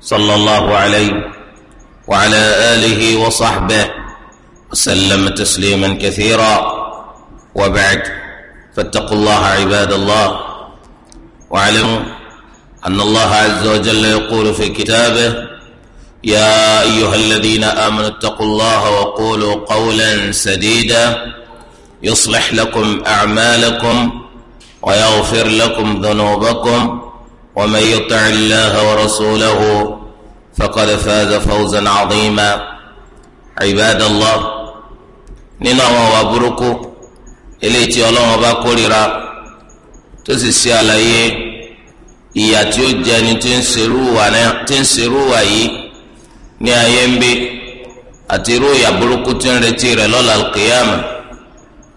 صلى الله عليه وعلى آله وصحبه وسلم تسليما كثيرا وبعد فاتقوا الله عباد الله واعلموا أن الله عز وجل يقول في كتابه يا أيها الذين آمنوا اتقوا الله وقولوا قولا سديدا يصلح لكم أعمالكم ويغفر لكم ذنوبكم ومن يطع الله ورسوله فقد فاز فوزا عظيما عباد الله nínú àwọn ọ̀wà burúkú eléyìí tí ọlọ́wọ́n bá kórìíra tó sì ṣe àlàyé ìyà tí ó jẹ ni tí ń serú wà yìí ní ayé ń bí àti irú ìyà burúkú tí ń retí rẹ̀ lọ́la kìyàmù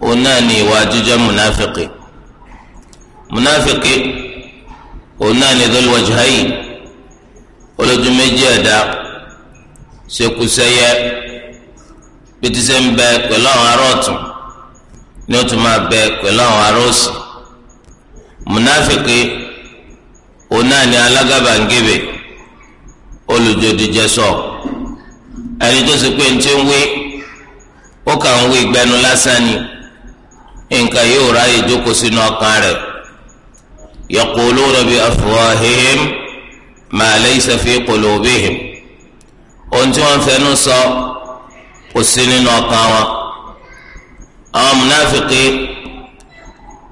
òun náà ni ìwà jíjẹ́ múnáfìkì múnáfìkì. òun náà ní Dhul Wajhayn olójú méjì ẹ̀dá ṣekúṣẹyẹ pétísẹ́ ń bẹ pẹ̀lú àwọn ará ọ̀tún ni ó tún máa bẹ pẹ̀lú àwọn ará òsì múnáfìkì òun náà ní alágàbàǹgẹ̀bẹ̀ olùjòdìjẹsọ ẹni tó ṣe pé ń ti ń wé ó kà ń gbẹnu lásán ni nǹkan yóò ráyè jókòó sínú ọkàn يقولون بأفواههم ما ليس في قلوبهم أنتم فنصا والسنين وقاوة أو منافقي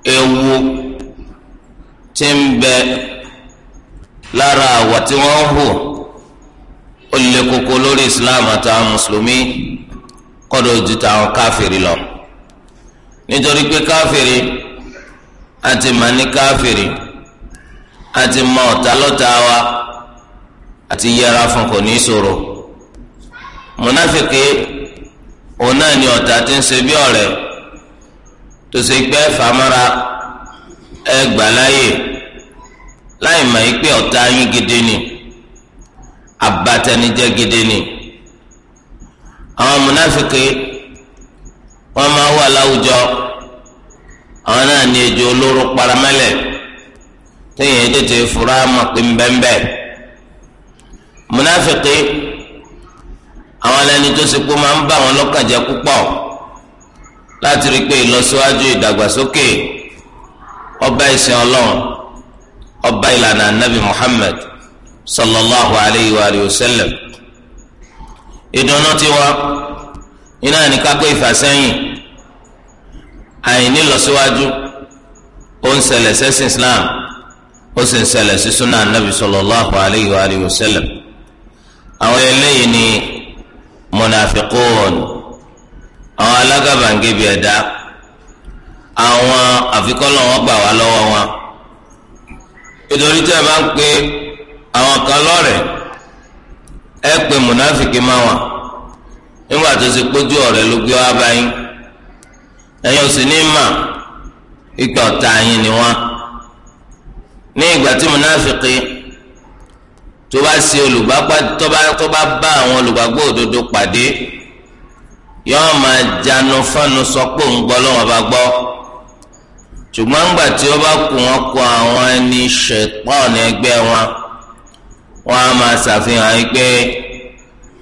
ewu tí ń bẹ lára àwọ̀ tí wọ́n ń hù ó lè koko lórí Islam àtàwọn mùsùlùmí àti mọ ọ̀tá lọ́tá wa àti yẹra fún kò ní ṣòro mùnáfìkì òun náà ni ọ̀tá ti ń ṣe bí ọ̀rẹ́ tó ṣe pé fàmọ́ra ẹ gbà láàyè láì mọ̀ yí pé ọ̀tá yín gidi ni abatẹnijẹ́ gidi ni àwọn mùnáfìkì wọ́n máa wà láwùjọ àwọn náà ni ejò olóró paramẹ́lẹ̀ téèyàn tètè fura mọ̀ pé nbẹ́nbẹ́ múnáfìkì àwọn ẹni tó ṣe kó máa ń bá wọn lọ́kàn jẹ́ púpọ̀ láti rí i pé ìlọsíwájú ìdàgbàsókè ọba ìsìn ọlọ́run ọba ìlànà anabi muhammed sallallahu alayhi wa sallam ìdùnnú iná ní ìfàsẹ́yìn àìní ó ń ṣẹlẹ̀ sẹ́sìn islam. ó sì ń ṣẹlẹ̀ sí sunnah sọlọ sallallahu alayhi wa alihi wa sallam àwọn ni munafiqun àwọn alágàbàǹgẹ̀bì ẹ̀dá àwọn àfikọ́lọ́ wọn gbà wá lọ́wọ́ wọn nítorí tí a bá ń pe àwọn kan lọ́rẹ̀ ẹ pé munafiki máa wà nígbà tó ṣe pójú ọ̀rẹ́ ló gbé wá báyìí ẹ̀yin ò sì ní mà ni wọ́n. ní ìgbà tí munafiki tó bá ṣe olùgbàgbà tó bá tó bá bá àwọn olùgbàgbọ́ òdodo pàdé yóò máa jánu fánu sọ pé òun gbọ́ lọ́wọ́ bá gbọ́ ṣùgbọ́n ńgbà tí ó bá kù wọ́n kọ àwọn ẹni ṣẹ̀pọ̀n ẹgbẹ́ wọn wọ́n á máa ṣàfihàn yìí pé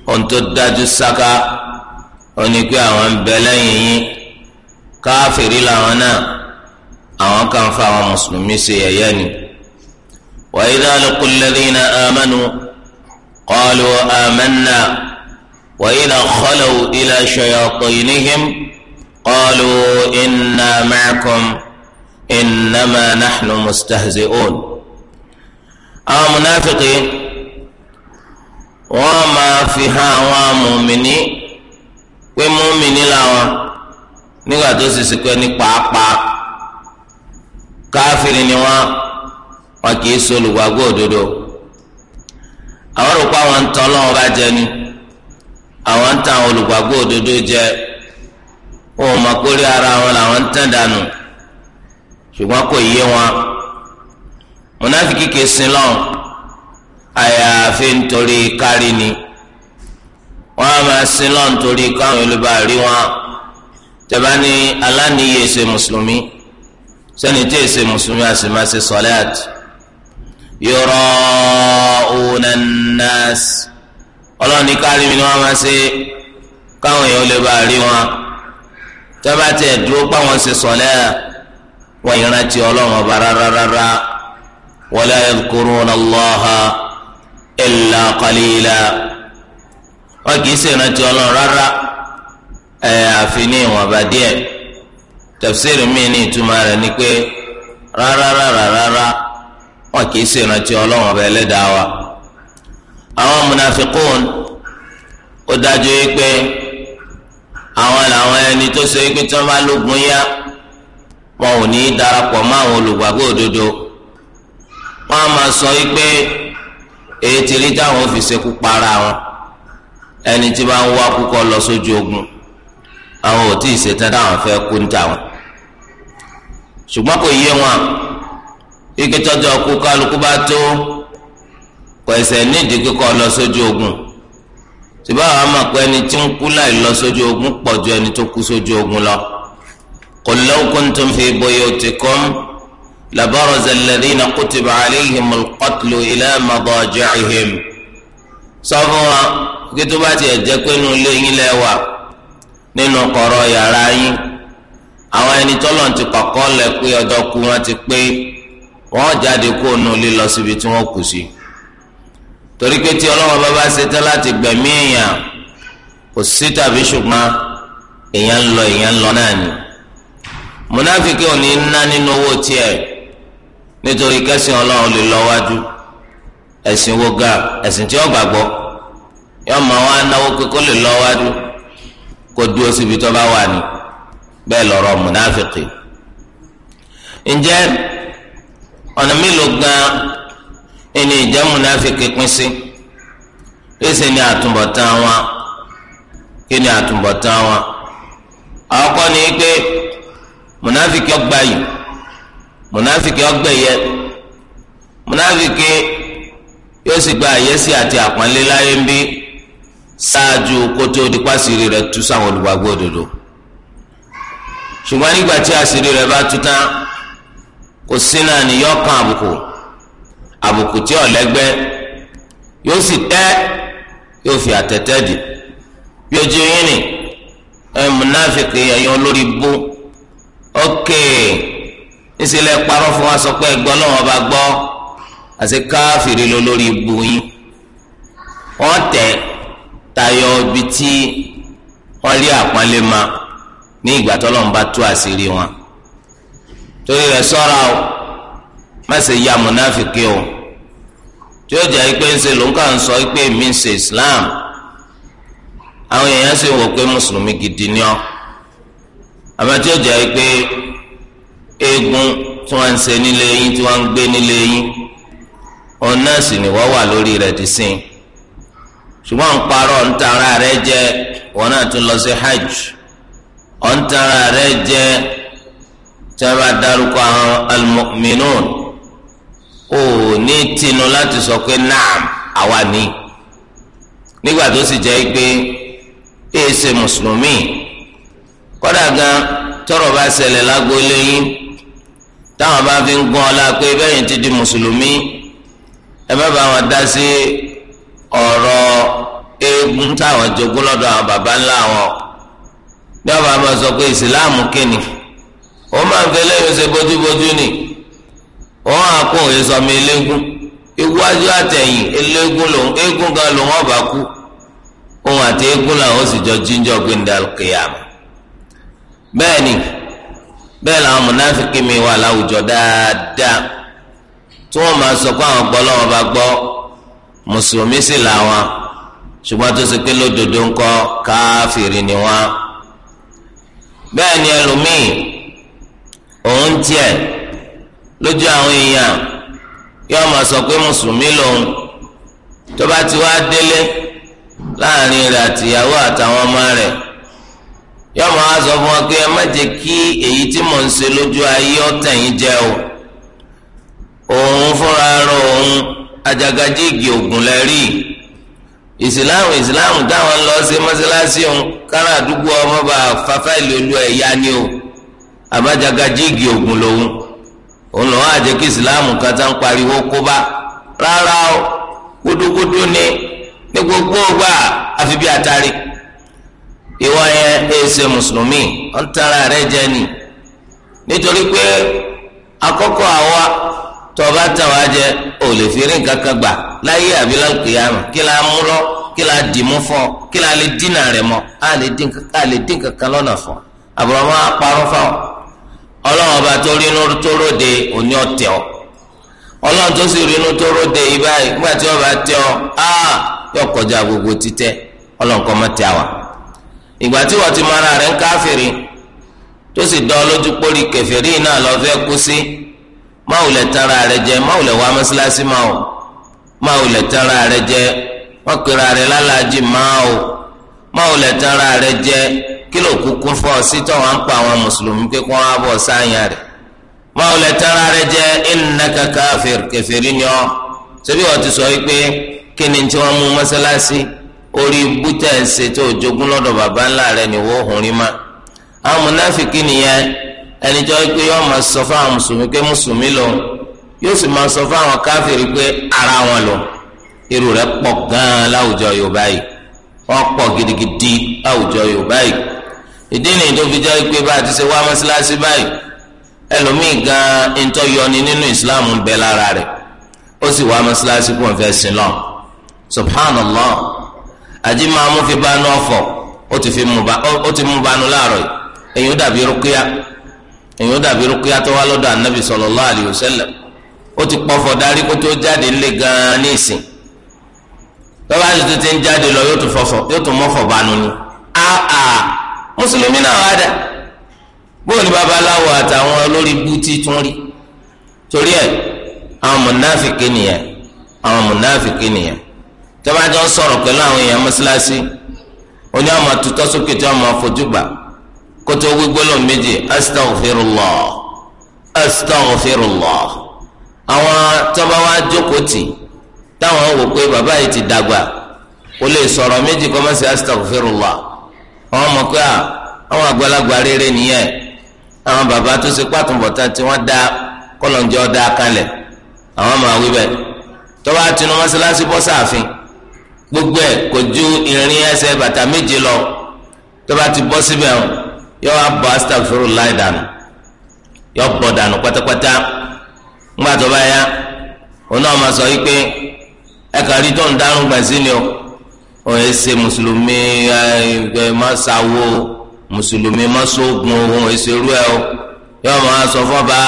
ohun tó dájú sáká ó pé àwọn bẹ lẹ́yìn yín káfíìrì làwọn náà àwọn kan fa àwọn mùsùlùmí ṣe yẹ̀yẹ́ ni. وإذا لقوا الذين آمنوا قالوا آمنا وإذا خلوا إلى شياطينهم قالوا إنا معكم إنما نحن مستهزئون أو منافقين وما فيها ومؤمنين pé mọ́mìnì làwọn nígbà tó sì sì pé wọn kì í solùwàgbọ́ òdodo àwọn rò pé àwọn ń tan ọlọ́run bá jẹ ni àwọn ń tan àwọn olùgbàgbọ́ òdodo jẹ wọn ò mọ̀ kórè ara wọn làwọn ń tàn dànù ṣùgbọ́n kò yé wọn mùnáfíkì kì í sin lọ́n àyàfi nítorí kárí ni wọn á máa sin lọ́n nítorí káwọn olùbá rí wọn jọba ní aláníyè ṣe mùsùlùmí sẹ́ni tí èsè mùsùlùmí àṣìmáṣe sọ́lẹ́àtì yurauna nnas ọlọ́ọ̀ni kárí mi ni wọ́n máa ṣe káwọn èèyàn lè bá a rí wọn tọ́ba tiẹ̀ dúró pa wọn ṣe sọ̀lẹ́ wọ́n ìrántí ọlọ́run ọba rárára wala yadhkuruna Allaha illa qalila wọn kì í ṣe ìrántí ọlọ́run rárá ẹ̀ àfi ìwọ̀nba díẹ̀ tafsir mi ní ìtumọ̀ rẹ̀ ni pé rárára rárára. Rárá, rárá, rárá wọn kì í ṣe ìrántí ọlọ́run ọba ẹlẹ́dàá wa àwọn munafikun ó dájú yìí pé àwọn làwọn ẹni tó ṣe pé tí wọ́n bá lógun yá wọn ò ní í darapọ̀ mọ́ àwọn olùgbàgbọ́ òdodo wọ́n á máa sọ yìí pé èyí ti rí táwọn ò fi ṣekú para wọn ẹni tí bá ń wá kúkọ lọ sójú ogun àwọn ò tí ì ṣetán táwọn fẹ́ kú ń tà wọn ṣùgbọ́n kò yé wọn ike tọjọ kú kálukú bá tó kọ ẹsẹ nídìí kíkọ lọ sójú ogun tìbá àwọn amakọ ẹni tí ń kú láì lọ sójú ogun pọ̀ ju ẹni tó kú sójú ogun lọ qul law kuntum fi buyutikum labaraza alladhina kutiba alayhimul qatlu ila madaji'ihim sọ fún wa kí tó bá tiẹ̀ jẹ́ pé inú ilé yín lẹ́wà nínú kọ̀rọ̀ yàrá yín àwọn ẹni tọ́lọ̀ ti kọ̀kọ́ lẹ̀ pé ọjọ́ kú wọn ti pé. wọn jáde kó nu lílọ síbi tí wọn kù sí torí pé tí ọlọ́wọ́n bá bá ṣetán láti gbẹ̀mí èèyàn kò sí tàbí ṣùgbọ́n èèyàn ń lọ èèyàn ń lọ náà ni munafiki ò ná nínú owó tiẹ̀ nítorí kẹ́sìn ọlọ́run lè lọ wájú ẹ̀sìn wo ga ẹ̀sìn tí gbàgbọ́ yọ lọ wájú kó dúró síbi tó bá ọ̀nà mélòó gan ẹni ìjẹ́ múnáfíkì pín sí èsì ni àtúbọ̀tán wa kí ni àtúbọ̀tán wa àkọ́kọ́ ni pé múnáfíkì ọgbà yìí múnáfíkì ọgbà yẹ múnáfíkì yóò sì gba àyẹ́sí àti àpọ́nlé láyé ń bí ṣáájú kótó dípàsírí rẹ̀ tú sáwọn olùgbàgbọ́ òdodo ṣùgbọ́n nígbà tí àṣírí rẹ̀ bá tú tán kò sí náà ni yọ kan àbùkù àbùkù tí ọ̀lẹ́gbẹ́ yóò sì tẹ́ yóò fi àtẹ̀tẹ̀ dì bí ojú yín ni ẹ múnáfìkì ẹ̀yàn olórí bú ókè ìsìlẹ̀ parọ́ fún wa sọ pé ẹgbọ́n náà wọ́n bá gbọ́ àti káfìrí lólórí bú yín wọ́n tẹ̀ tayọ ibi tí wọ́n rí àpọ́nlé ma ní ìgbà tó lọ́nba tú àṣírí wọn. torí rẹ̀ sọra o má ya o tí ó jẹ́ pé ń ló ń kà Islam àwọn èèyàn sì wò pé mùsùlùmí gidi ni ọ́ àmọ́ tí ó jẹ́ pé eégún tí nile ń ṣe nílé yín tí wọ́n ń gbé nílé yín òun náà sì ni wà lórí ti sìn ṣùgbọ́n ń hajj ń tara jẹ tí wọn bá dárúkọ àwọn almu'minun ò ní tinú láti sọ pé naam àwa ni nígbà tó sì jẹ́ pé èyí ṣe mùsùlùmí kọ́dà gan tọ́rọ̀ bá ṣẹlẹ̀ lágbólé yín táwọn bá fi ń gún ọ la bẹ́yìn ti di mùsùlùmí ẹ má bá wọn dá sí ọ̀rọ̀ eégún táwọn jogún lọ́dọ̀ àwọn baba ńlá wọn bí wọn bá wọn sọ pé ìsìláàmù kìnnìkan wọ́n máa ń fẹ́lẹ́ yóò ṣe bójúbójú ni wọ́n á kó òye sọmọ eléégún iwájú àtẹ̀yìn eléégún lòun eégún lòun ọba kú òun àti eégún làwọn sì jọ jíjọ gbẹndà kéyàmù bẹ́ẹ̀ ni bẹ́ẹ̀ làwọn mùnáfíkì mi wà láwùjọ dáadáa tí wọ́n máa sọ pé àwọn bá gbọ́ mùsùlùmí sì làwọn ṣùgbọ́n tó ṣe pé òun tiẹ̀ lójú àwọn èèyàn yóò máa sọ pé mùsùlùmí lòun tó bá ti wá délé láàrin rẹ̀ àtìyàwó àtàwọn ọmọ rẹ̀ yóò máa sọ fún wọn pé ẹ má jẹ́ kí èyí tí mò ń ṣe lójú ayé ọ̀tẹ̀ yín jẹ́ o òun fúnra rẹ̀ òun ajagajigi ògùn lẹ́rìí ìsìláàmù ìsìláàmù táwọn ń lọ sí mọ́sálásí òun kára àdúgbò ọmọ bá fáfáìlì olú ẹ̀yá ni o àbájága jíìgì ògùn lòun òun lọ́wọ́ àjẹ́ kí ìsìláàmù kan tá ń pariwo kó bá rárá o kúdúkúdú ni ní gbogbo ọgbà àfi bí atari ìwọ yẹn èsè mùsùlùmí ọ̀n tara rẹ jẹ ni nítorí pé àkọ́kọ́ àwa tọba táwa jẹ ò lè fi rí nǹkan kan gbà láyé àbílẹ̀ kìyàmù kí la mú lọ kí la dì mú fọ kí la lè dínà rẹ mọ a lè dín kankan lọ́nà fọ àbúrò máa parọ́ fáwọn. ọlọ́run ọba tó rínú tó ròde òní ọ̀tẹ̀ ọ ọlọ́run tó sì rínú tó ròde yìí nígbà tí ọba tẹ ọ á yọ kọjá gbogbo títẹ ọlọ́run kọ́ mọ́ tẹ àwà ìgbà tí wọ́n ti mọ ara rẹ̀ ń káfìrí tó sì dán lójú pórí kẹfìrí náà lọ fẹ́ kú sí máwùlẹ̀ rẹ̀ jẹ máwùlẹ̀ wá máa o máwùlẹ̀ rẹ̀ jẹ wọ́n rẹ̀ lálàájì máa o máwùlẹ̀ kí ló kúkú fọ sí tó wọn ń pa àwọn mùsùlùmí pé kí wọn bọ sáyà rẹ wọn ò lè rẹ jẹ innaka kafir kẹfìrí ni ọ ṣebí wọn ti sọ wípé kí ni tí wọn mú mọ́sálásí orí bútẹ́ ṣe tó jogún lọ́dọ̀ bàbá ńlá rẹ ni wọ́n hùn rí ma àwọn mùnáfìkì nìyẹn ẹni jọ pé yóò máa sọ fáwọn mùsùlùmí pé mùsùlùmí lọ yóò sì máa sọ fáwọn káfìrí pé ara wọn lọ irú rẹ̀ pọ̀ gan-an láwùjọ Yorùbá yìí wọ́n pọ̀ gidigidi láwùjọ Yorùbá yìí ìdí nìyí tó fi jẹ́ pé bá a ti ṣe wá mọ́ṣáláṣí báyìí ẹlòmíì gan ntọ́ yọni nínú ìsìláàmù ń bẹ lára rẹ̀ ó sì wá mọ́ṣáláṣí kó fẹ́ sin lọ subhanallah àjí máa mú fi bánú ọ̀fọ̀ ó ti fi mú bánú láàrọ̀ yìí èyí ó dàbí rúkúyà èyí ó dàbí rúkúyà tó wá lọ́dọ̀ anabi sallallahu alayhi wa sallam ó ti pọ̀fọ̀ darí kó tó jáde ńlẹ̀ gan-an ní ìsìn tọ́ba àti tó ti ń jáde lọ yóò tún fọ̀fọ̀ yóò tún mọ́fọ̀ bánú ni áà mùsùlùmí náà wá dà bóun ni babaláwo àtàwọn olórí bútí tún rí torí ẹ àwọn mùnáfìkì nìyẹn àwọn mùnáfìkì nìyẹn tọ́ba jọ ń sọ̀rọ̀ pẹ̀lú àwọn èèyàn mọ́sálásí oní àwọn àtútọ́ sókè tí wọ́n máa fojú gbà kótó gbígbólóhùn méjì astaghfirullah astaghfirullah àwọn tọ́ba wa jókòó tì táwọn wò pé bàbá yìí ti dàgbà kò lè sọ̀rọ̀ méjì kọ́mọ́sí astaghfirullah. àwọn ọmọ pé àwọn àgbàlagbà rere nìyẹn àwọn bàbá tó ṣe pàtùbọ̀tán tí wọ́n dá kọlọ̀njọ́ dá kalẹ̀ àwọn máa wí bẹ́ẹ̀ tọ́ba mọ́ṣáláṣí bọ́ sáàfin gbogbo ẹ̀ kò ju ìrìn ẹsẹ̀ bàtà méje lọ tọ́ba ti bọ́ síbẹ̀ ọ̀ yọ astagfuru láì dànù yọ dànù pátápátá ńgbà ya sọ yìí pé ẹ̀ka rí tó ń sí ni òun ṣe mùsùlùmí ẹ má musulmi mùsùlùmí má ṣoògùn ẹ o yóò ma sọ fọba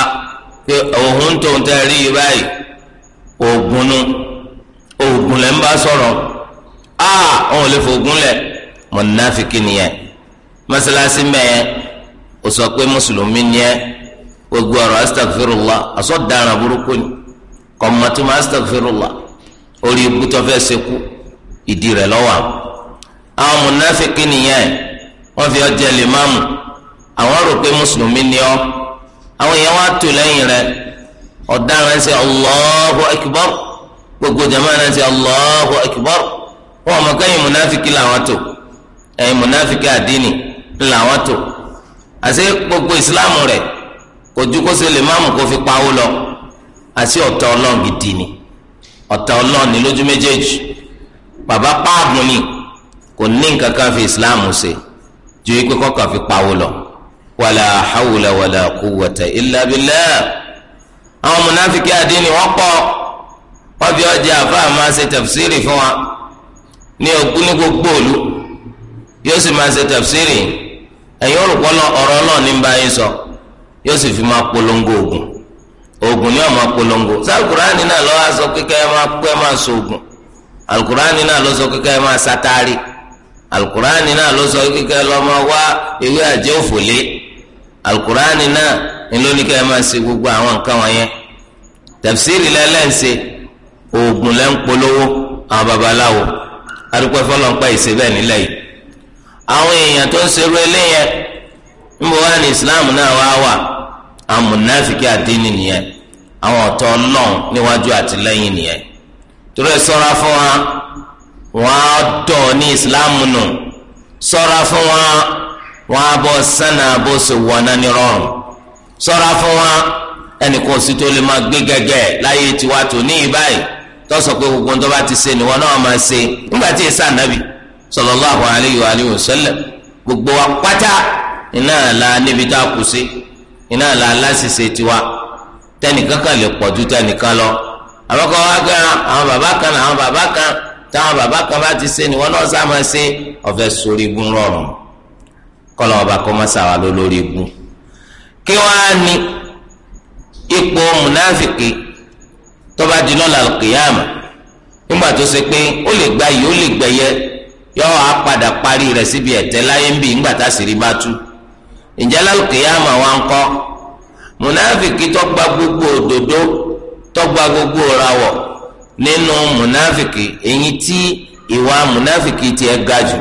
pé òun tó ń tẹ rí báyìí òògùn nu òògùn lẹ ń bá sọ̀rọ̀ a òun lè fògùn lẹ mọ̀nàfíkì nìyẹn mọ́sálásí mẹ́yẹn ó sọ pé gbogbo astagfirullah burúkú ni astagfirullah orí ìdí rẹ̀ lọ́wọ́ àwọn mùnáfíkì nìyẹn wọ́n fi ọ́ jẹ lèmáàmù àwọn rò pé mùsùlùmí ni ọ́ àwọn èèyàn wá tò lẹ́yìn rẹ̀ ọ̀daràn ń ṣe Allahu akbar gbogbo jama náà ń ṣe Allahu akbar wọn ò mọ̀ kẹ́yìn mùnáfíkì làwọn tò ẹ̀yìn mùnáfíkì àdínì làwọn tò àti gbogbo ìsìláàmù rẹ̀ kò ju kó ṣe lèmáàmù kó fi pawó lọ àti ọ̀tá ọlọ́ọ̀gì dì ní ọlọ́ọ̀ni lójú méjèèjì bàbá páàgùn ni kò ní nǹkan kan fi islam ṣe ju ikpe kọkàn fi pawó lọ wàlà hawla wàlà quwwata illa billah àwọn munafiki àdínì wọn pọ̀ wọn fi ọjà àfáà máa ṣe tafsiri fún wa ní ogún ní gbogbo òlu yóò sì máa ṣe tafsiri ẹ̀yin olùkọ́lọ́ ọ̀rọ̀ ọlọ́ọ̀ ní bá yín sọ yóò sì fi máa polongo oògùn oògùn ni wọn máa polongo sáà kúránì náà lọ́wọ́ aṣọ kíkẹ́ máa kú ẹ máa sọ oògùn alukurani náà ló sọ kíkẹ́ ẹ máa satari alukurani náà ló sọ kíkẹ́ ẹ lọ́mọ wá ewé àjẹ́ òfòlé alukurani náà ńlọ́nìkẹ́ ẹ máa ṣe gbogbo àwọn nǹkan wọ̀nyẹn tafsiri lẹ́lẹ́ǹsẹ̀ oògùn lẹ́ ń polówó àwọn babaláwo adúpẹ́ fọlọ́npẹ́ ìṣe bẹ́ẹ̀ nílẹ̀ yìí àwọn èèyàn tó ń ṣerú eléyẹn ń bọ̀ wá ní Islam náà wá wà àwọn àdínì nìyẹn àwọn ọ̀tọ̀ ọlọ́run níwájú àtìlẹ́yìn nìyẹn torí ẹ fún wa dọ̀ ní ìsìláàmù nù ṣọ́ra fún wa á bọ̀ sanna bó ṣe wọ̀nà ní rọrùn ṣọ́ra fún wa ẹnì kan sì tó lè máa gbé gẹ́gẹ́ láyé tó ní pé gbogbo bá ti se ni wọn náà se nígbà tí gbogbo wa iná níbi a kù sí iná tiwa tẹnìkan kan lọ. àmọkọ wa gbé àwọn bàbá kan àwọn bàbá kan táwọn bàbá kan bá ti ṣe ni wọn náà sá máa ṣe ọfẹ sórí igun rọrùn kọlọ ọba kọ máa ṣàwà lórí igun kí wàá ní ipò múnáfìkì gba yìí ó lè gbẹyẹ yọ á padà parí rẹ̀ síbi ẹ̀tẹ́ láyé ń bì tá a sì rí bá tú gbogbo tọgba gbogbo rawọ nínú munafiki èyí tí ìwà munafiki tiẹ̀ ga jù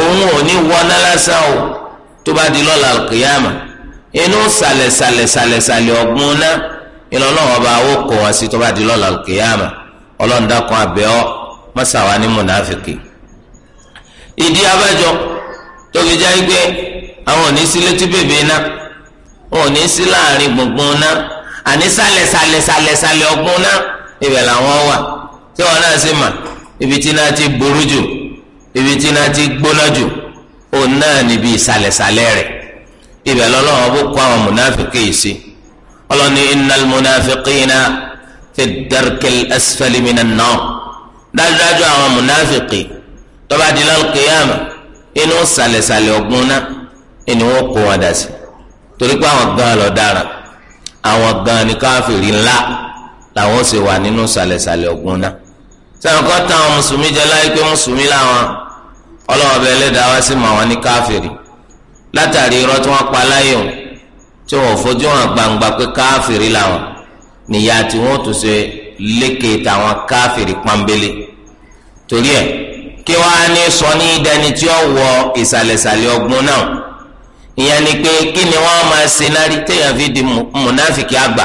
òun ò ní wọná lásán o tó bá di lọ́la kìyàmà inú sàlẹ̀ sàlẹ̀ sàlẹ̀ sàlẹ̀ ọ̀gbun náà ìlọ́nà ọba àwọn kò wá sí tó bá di lọ́la kìyàmà ọlọ́ndàkùn abẹ́ọ́ mọ́sàwá ní munafiki. ìdí abájọ tó fi já àwọn ò ní sí létí bèbè náà wọn ò ní sí láàrin gbùngbùn náà àní sálẹ̀ sálẹ̀ sálẹ̀ sálẹ̀ ọgbọ́n náà ibẹ̀ làwọn wà tí wọn náà sì mà ibi tí náà ti burú jù ibi tí náà ti gbóná jù òun náà níbi ìsàlẹ̀sàlẹ̀ rẹ̀ ibẹ̀ lọ́lọ́wọ́ bó kó àwọn mùnáfíkì yìí sí ọlọ́ni innal munafiqina fi darkil asfali minan nar dájúdájú àwọn mùnáfíkì tó di lálùkìyàmà inú sàlẹ̀sàlẹ̀ ọ̀gbun náà ẹni wọ́n kó wọn dà sí torí pé àwọn gan lọ dára àwọn gan ni káfíìrì ńlá làwọn sì wà nínú sàlẹ̀sàlẹ̀ ọ̀gbun náà sẹ́wọ̀n kan táwọn mùsùlùmí jẹ́ láyé pé mùsùlùmí làwọn ọlọ́wọ́ bẹ ẹlẹ́dàá wá sí mọ̀ wọn ní káfíìrì látàrí irọ́ tí wọ́n pa láyé wọn tí wọ́n fojú hàn gbangba pé káfíìrì làwọn níyà tí wọ́n tún ṣe lékè táwọn káfíìrì pọ́nbélé torí ẹ̀ kí wọ́n á ní sọ ní ìdẹni tí ó wọ ìsàlẹ̀sàlẹ̀ ọ̀gbun náà ìyẹn ni pé kí ni wọ́n máa ṣe nárí téèyàn fi di mùnáfìkì àgbà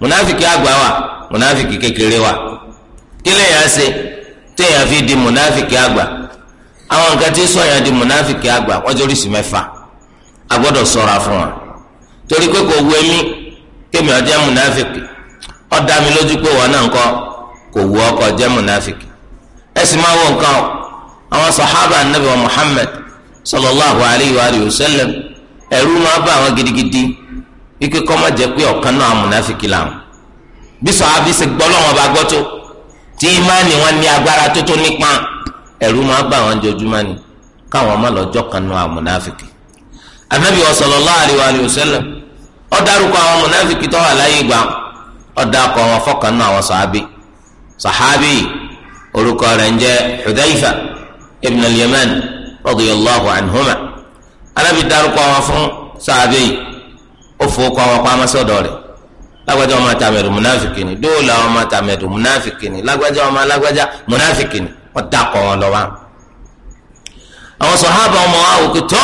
mùnáfìkì àgbà wà mùnáfìkì kékeré wà kí lèèyàn ṣe téèyàn fi di mùnáfìkì àgbà àwọn nǹkan tí sọ̀yàn di mùnáfìkì àgbà wọ́n jẹ́ oríṣi mẹ́fà a gbọ́dọ̀ sọ̀ra fún wa torí pé kò wú ẹmí kémi mùnáfìkì mi lójú pé ọ wa Muhammad sallallahu alayhi wa ẹ̀rù máa bá àwọn gidigidi ike kọ́ má jẹ́ pé ọ̀kan náà amúnáfíkì làwọn bí sọ̀hábí ṣe gbọ́ lọ́wọ́ bá gbọ́ tí ìmáàní wọn ní agbára tó tó nípa ẹ̀rù máa bá àwọn jojúmọ́ ni káwọn má lọ́jọ́ kan náà amúnáfíkì anabi sallallahu alaihi wa sallam ó dárúkọ àwọn amúnáfíkì tó wà láyé gbà ó dákọ àwọn fọkàn náà àwọn sọ̀hábí sọ̀hábí orúkọ rẹ̀ ń jẹ́ Hudayfa ibn al-Yaman radiyallahu anhuma anábì dárúkọ wọn fún sàbẹ yìí ó fowókọ wọn pamọ́ sọ́dọ̀ rẹ̀ lágbájá ọmọ tàmẹ̀dù múnáfìkì ni dóòlà ọmọ tàmẹ̀dù múnáfìkì ni lágbájá ọmọ alágbájá múnáfìkì ni wọ́n dákọ̀ wọn lọ́wọ́. àwọn sọ̀hábà ọmọ wa òkè tó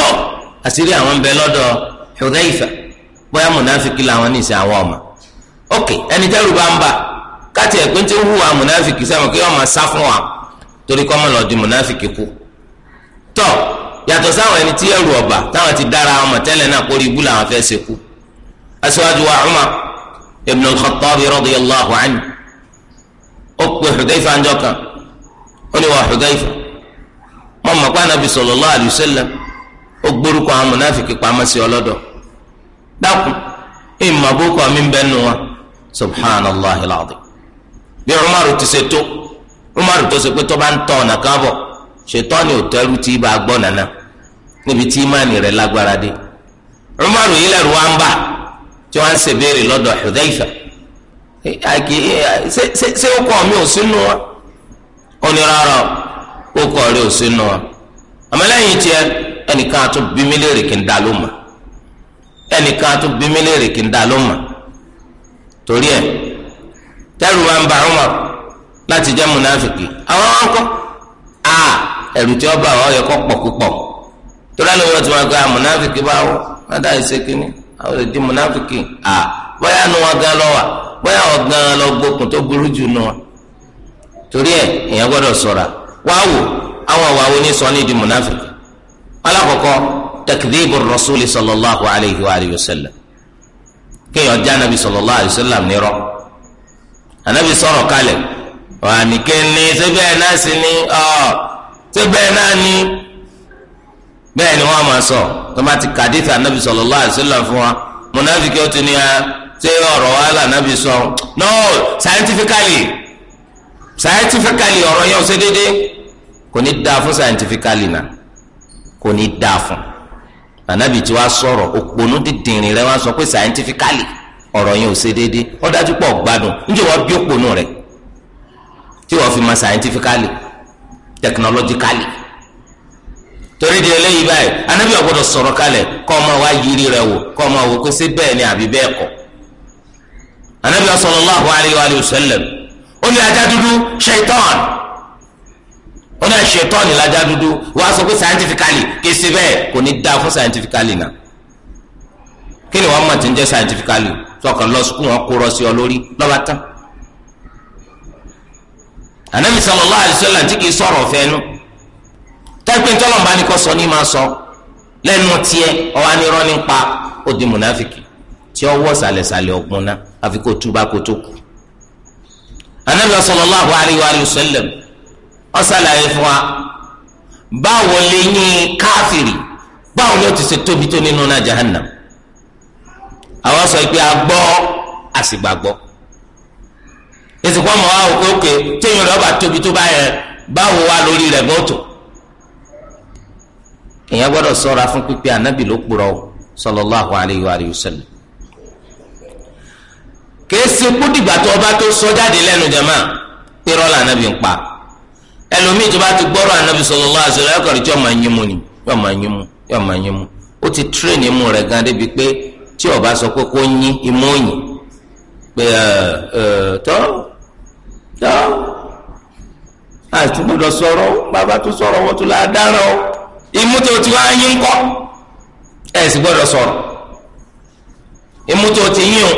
àṣírí àwọn ń bẹ lọ́dọ̀ Hudhaifa bóyá múnáfìkì làwọn ní ìsìn àwọn ọmọ. ok ẹni tẹ́lu bá ń bà káàtì ẹ̀pẹ́ tí ó hùwà múnáfìkì sẹ́wọ̀n kí wọ́n sá fún wa torí kọ́ mọ́ lọ́ọ́ di múnáfìkì kú. tọ́ yàtọ̀ sáwọn ẹni tí ẹrù ọba táwọn ti dára ọmọ tẹ́lẹ̀ náà kórì ibú làwọn fẹ́ ṣekú aṣáájú wa Umar ibn al-Khattab radiyallahu anhu ó pe Hudayfa ń jọkàn ó ní wà Hudayfa mọ mọ pé anabi sallallahu alayhi wa sallam ó gbórúkọ àwọn mọnàfíkì pamọ́ sí ọlọ́dọ̀ dákun ìmọ̀ bókọ mi ń bẹ́ nu wa subhanallah al bí Umar ti ṣe tó Umar tó ṣe pé tó bá ń tọ̀ ọ̀nà kan bọ̀ ṣètọ́ ni ò tẹ́rù níbi tí imáàni rẹ̀ lágbára dé Umaru yìí lẹ́rù wá ń bà tí wọ́n ṣe béèrè lọ́dọ̀ Hudhaifa ṣé ó kọ́ mi ò sínú wa ó ó kọ́ rí ò sínú wa àmọ́ lẹ́yìn ẹnìkan àtún bímí léèrè kí n dá ló mà ẹnìkan a ẹ̀rù tí ó yẹ torí àlọ́ wọn ti máa gba mùnáfìkì báwo mádà ìṣe kínní àwọn lè di mùnáfìkì à bóyá nu wọn gan lọ wà bóyá wọn gan lọ gbókun tó burú jù nu wọn torí ẹ èèyàn gbọ́dọ̀ sallallahu alayhi wa alihi wa sallam kéèyàn já sallallahu alayhi wa sallam anabi ọ náà bẹ́ẹ̀ ni wọ́n máa sọ tọ́ba ti kàdífà nàbì sallallahu alaihi wasallam fún wa mùnàfíkì ó ti ní ya ṣé ọ̀rọ̀ wa là sọ no scientifically scientifically ọ̀rọ̀ yẹn ò ṣe déédé fún scientifically náà kò ní dáa fún ànábì tí wàá sọ̀rọ̀ òpònú dídìrín rẹ wàá sọ pé scientifically ọ̀rọ̀ yẹn ò ṣe déédé ó dájú pọ̀ gbádùn níjẹ́ wọ́n bí fi scientifically technologically. torí di eléyìí báyìí anabi ọgbọdọ sọ̀rọ̀ kalẹ̀ kọ ọmọ wa yiri rẹ wò kọ ọmọ wò kó sí bẹ́ẹ̀ ni àbí bẹ́ẹ̀ kọ́ anabi sallallahu alayhi wa sallam ó ní ajá dúdú ṣaitan ó ní ṣaitan ní dúdú wà sọ pé scientifically kì í sí bẹ́ẹ̀ kò ní dáa fún scientifically náà kí ni wọn mọ tí ń jẹ scientifically sọkàn lọ sukùn wọn kó rọ sí ọ lórí lọba tán anabi sallallahu alayhi wa sallam tí kì í sọ̀rọ̀ fẹnu tẹ́gbẹ́ tọ́lọ̀ bá ní kọ́ sọ ní máa sọ lẹ́nu tiẹ̀ ọ̀wá ní irọ́ nípa òdi mùnáfìkì tí ó wọ́ sàlẹ̀sàlẹ̀ ọ̀gbun náà àfi kó túbá kó tó kù. anabi sallallahu alayhi wa sallam ó ṣàlàyé fún wa báwo lẹ́yìn káfìrì báwo ló ti ṣe tóbi tó nínú náà jahannam àwọn sọ pé a gbọ́ a sì gbàgbọ́ ètùkọ́ mọ̀ wá òkè òkè téèyàn lọ́ba tóbi tó bá yẹ báwo wá lórí rẹ̀ gbọ́tò. èèyàn gbọ́dọ̀ ṣọ́ra fún pípé anabi ló purọ́ sallallahu alayhi wa alihi wa sallam ọba tó sọ jáde jama pérọ la anabi ń pa ẹlòmíì bá ti gbọ́rọ̀ anabi sallallahu alayhi wa sallam ẹkọrin tí ọmọ anyimu ni yóò máa nyimu yóò máa ó ti tírèn imú rẹ gan débi pé tí ọba sọ pé kó yín ìmúto tí wọ́n á yín kọ́ ẹ̀ sì otu sọ̀rọ̀ ìmúto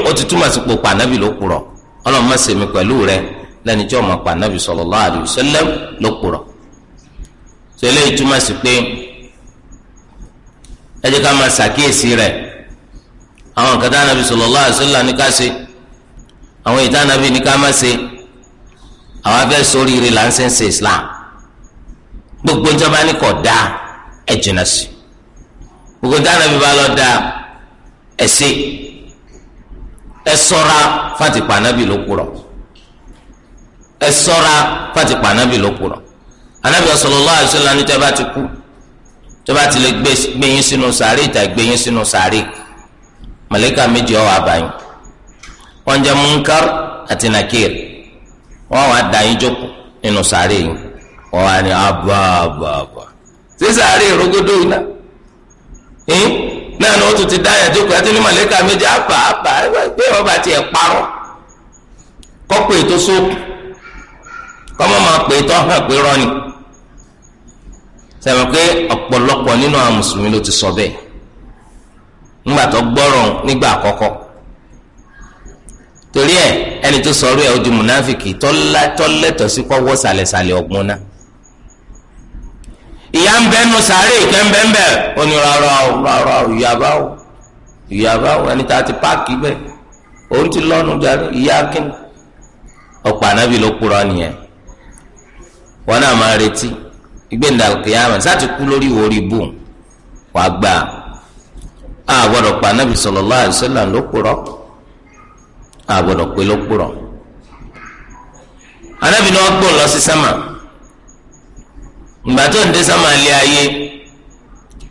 o ti túmọ̀ sí mi rẹ lẹ́ni tí ọmọ pa nábì sallallahu alaihi wasallam ló kúrọ̀ tó eléyìí túmọ̀ sí pé rẹ àwọn nǹkan tá nábì sallallahu alaihi àwọn gbogbo ẹ si, sí gbogbo ba lọ da ẹ sí ẹ ṣọ́ra fati pa anabi ló kúrò ẹ ṣọ́ra fati pa anabi ló kúrò anabi sallallahu alaihi wasallam ní tẹ́ bá ti kú tẹ́ bá ti lè gbé yín sínú sàárè ìta gbé yín sínú sàárè màlàíkà méjì ó wá bá yín wọ́n jẹ́ munkar àti nakir wọ́n wá dá yín jókòó nínú sàárè yín wọ́n sísàárì ìrógódó iná náà ni wọ́n tún ti dáyà jókòó àti ní màlẹ́kà méjì àpà àpà bá tiẹ̀ parọ́ kọ́pọ̀ ètò sóòkù kọ́mọ́ máa pè é tó hàn pé rọ́ọ̀nì pé ọ̀pọ̀lọpọ̀ nínú àwọn mùsùlùmí ti sọ bẹ́ẹ̀ tó gbọ́rọ̀ nígbà àkọ́kọ́ torí ẹ ẹni tó sọ ẹ mùnáfìkì tọ́lẹ́tọ̀ sí kọ́wọ́ ìyá ń bẹ́ẹ̀ nù mbembe onye ó ní rárá o rárá o ìyàbá o ìyàbá o ẹni tá a ti páàkì bẹ́ẹ̀ òun ti lọ́nu jáde ìyá kín ọ̀pọ̀ ànábì ló kúrọ̀ nìyẹn wọn náà máa retí ìgbéǹda kìyàmà sáti kú lórí orí wàá gbà á pa ànábì ló ìgbà tó ń ayé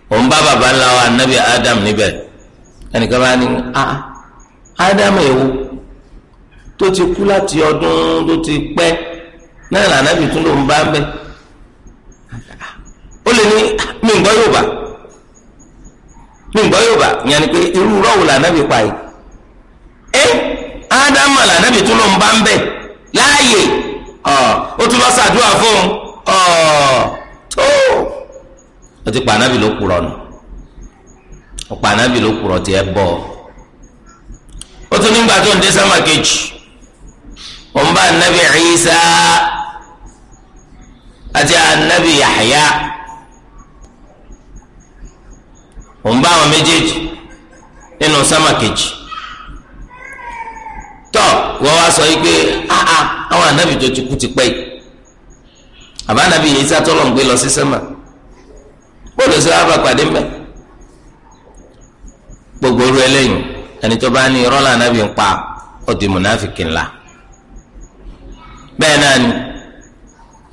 òun bá bàbá ńlá wa adam níbẹ̀ ẹnìkan bá ní a ah, èwo tó ti kú láti ọdún tó ti pẹ́ náà lànàbì tún lòún bá ń ó lè ní mi ń gbọ́ yóò bá ń gbọ́ yóò bá ìyẹn ni pé irú rọ́ọ̀wù lànàbì pa yìí ẹ lànàbì tún lòún bá ó ti pa anabi ló kúrọ nù ó pa ló kúrọ tiẹ bọ ó tún nígbà tó ń dé sámà kejì ó ń bá anabi àti anabi Yahya ó ń bá àwọn méjèèjì nínú sámà kejì sọ yìí pé àwọn anabi tó ti kú ti pẹ́ àbánabi yìí sátọ́lọ̀ ń gbé lọ sí sẹ́mà bóòlù sí wàá bá pàdé mbẹ gbogbo oru ẹlẹ́yìn ẹni tó bá ní rọ́lá ànábì ń pa ọdì mùnáfìkì ńlá bẹ́ẹ̀ náà ni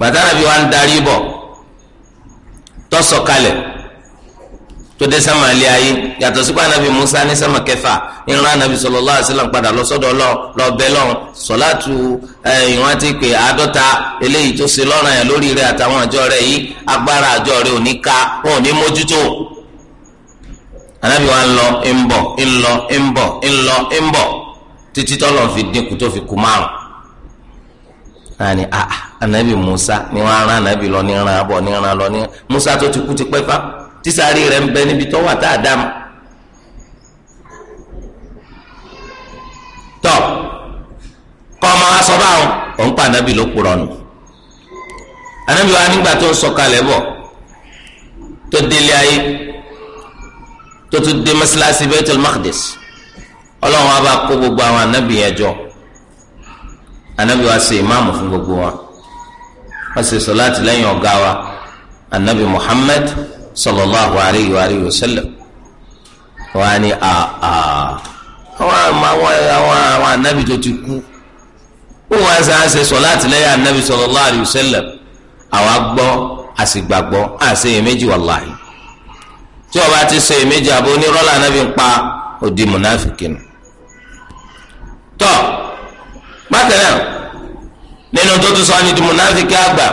màtánàbí wa ń darí bọ̀ tó sọ̀kalẹ̀ tó dé sámà lé ayé yàtọ̀ sípò anabi musa ní sámà kẹfà ìran anabi sallallahu alaihi wasallam padà lọ́sọ́dọ̀ lọ lọ́bẹ̀ lọ́n sọ̀láàtù ìwọ́n ti pè àádọ́ta eléyìí tó ṣe lọ́ràn yẹn lórí rẹ̀ àtàwọn àjọ rẹ̀ yìí agbára àjọ rẹ̀ ò ní ká wọn ò ní mójútó. anabi wa ń lọ ń bọ̀ ń lọ ń bọ̀ ń lọ ń bọ̀ títí tọ́lọ̀ fi dínkù tó fi kú márùn. àní anabi ah, ah, musa ni wọn ran anabi lọ ní ran abọ ní ran lọ ní musa tó ti kú ti pẹ́ fáwọn tísàárì rẹ̀ ń bẹ níbi tó wà tá a dá ma. tọ́ kọ́ ọmọ wa sọ báwọn òun pa ànábì ló kúrọ̀ nù ànábì wa nígbà tó ń sọ̀kalẹ̀ bọ̀ tó délé ayé tó tún dé mọ́sálásí Baitul Maqdis ọlọ́run wa bá kó gbogbo àwọn ànábì yẹn jọ ànábì wa ṣe ìmáàmù fún gbogbo wa wọ́n ṣe sọ láti lẹ́yìn ọ̀gá wa ànábì Muhammad sallallahu alayhi wa alihi wa sallam wọn á ní àà àwọn àmọ́ àwọn àwọn ànábì tó ti kú ó wọn ṣe àṣẹ sọláàtì lẹ́yìn ànábì sallallahu alayhi wa sallam àwa gbọ́ àṣìgbàgbọ́ àṣeyèméjì wàláhì tí ọba ti ṣe èméjì àbò onírọ́lá ànábì ń pa òdi mùnáfìkì nù tọ́ bákan náà nínú tó tún sọ ní di mùnáfìkì àgbà.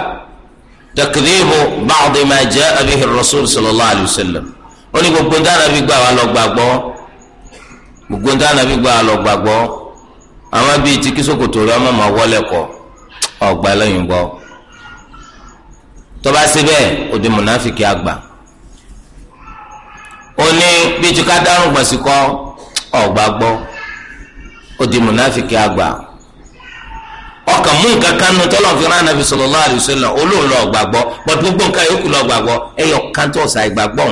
takdhibu ba'd ma jaa bihi rasul sallallahu alayhi wa sallam ó gbogbo dáná lọ gbàgbọ́ gbogbo dáná bí gbà wà lọ gbàgbọ́ àwọn bíi ti kísòkòtò rẹ ọmọ ma wọlé kọ ọgbà lẹ́yìn gbọ́ tó bá ṣe agba. àgbà bíi ká kọ ọkàn mú nǹkan kan nu tọ́lọ̀ fi rán anabi sallallahu alaihi wasallam olóhùn lọ gbàgbọ́ bọ́t gbogbo nǹkan yòókù lọ gbàgbọ́ ẹ̀yọ ọ̀sà ìgbàgbọ́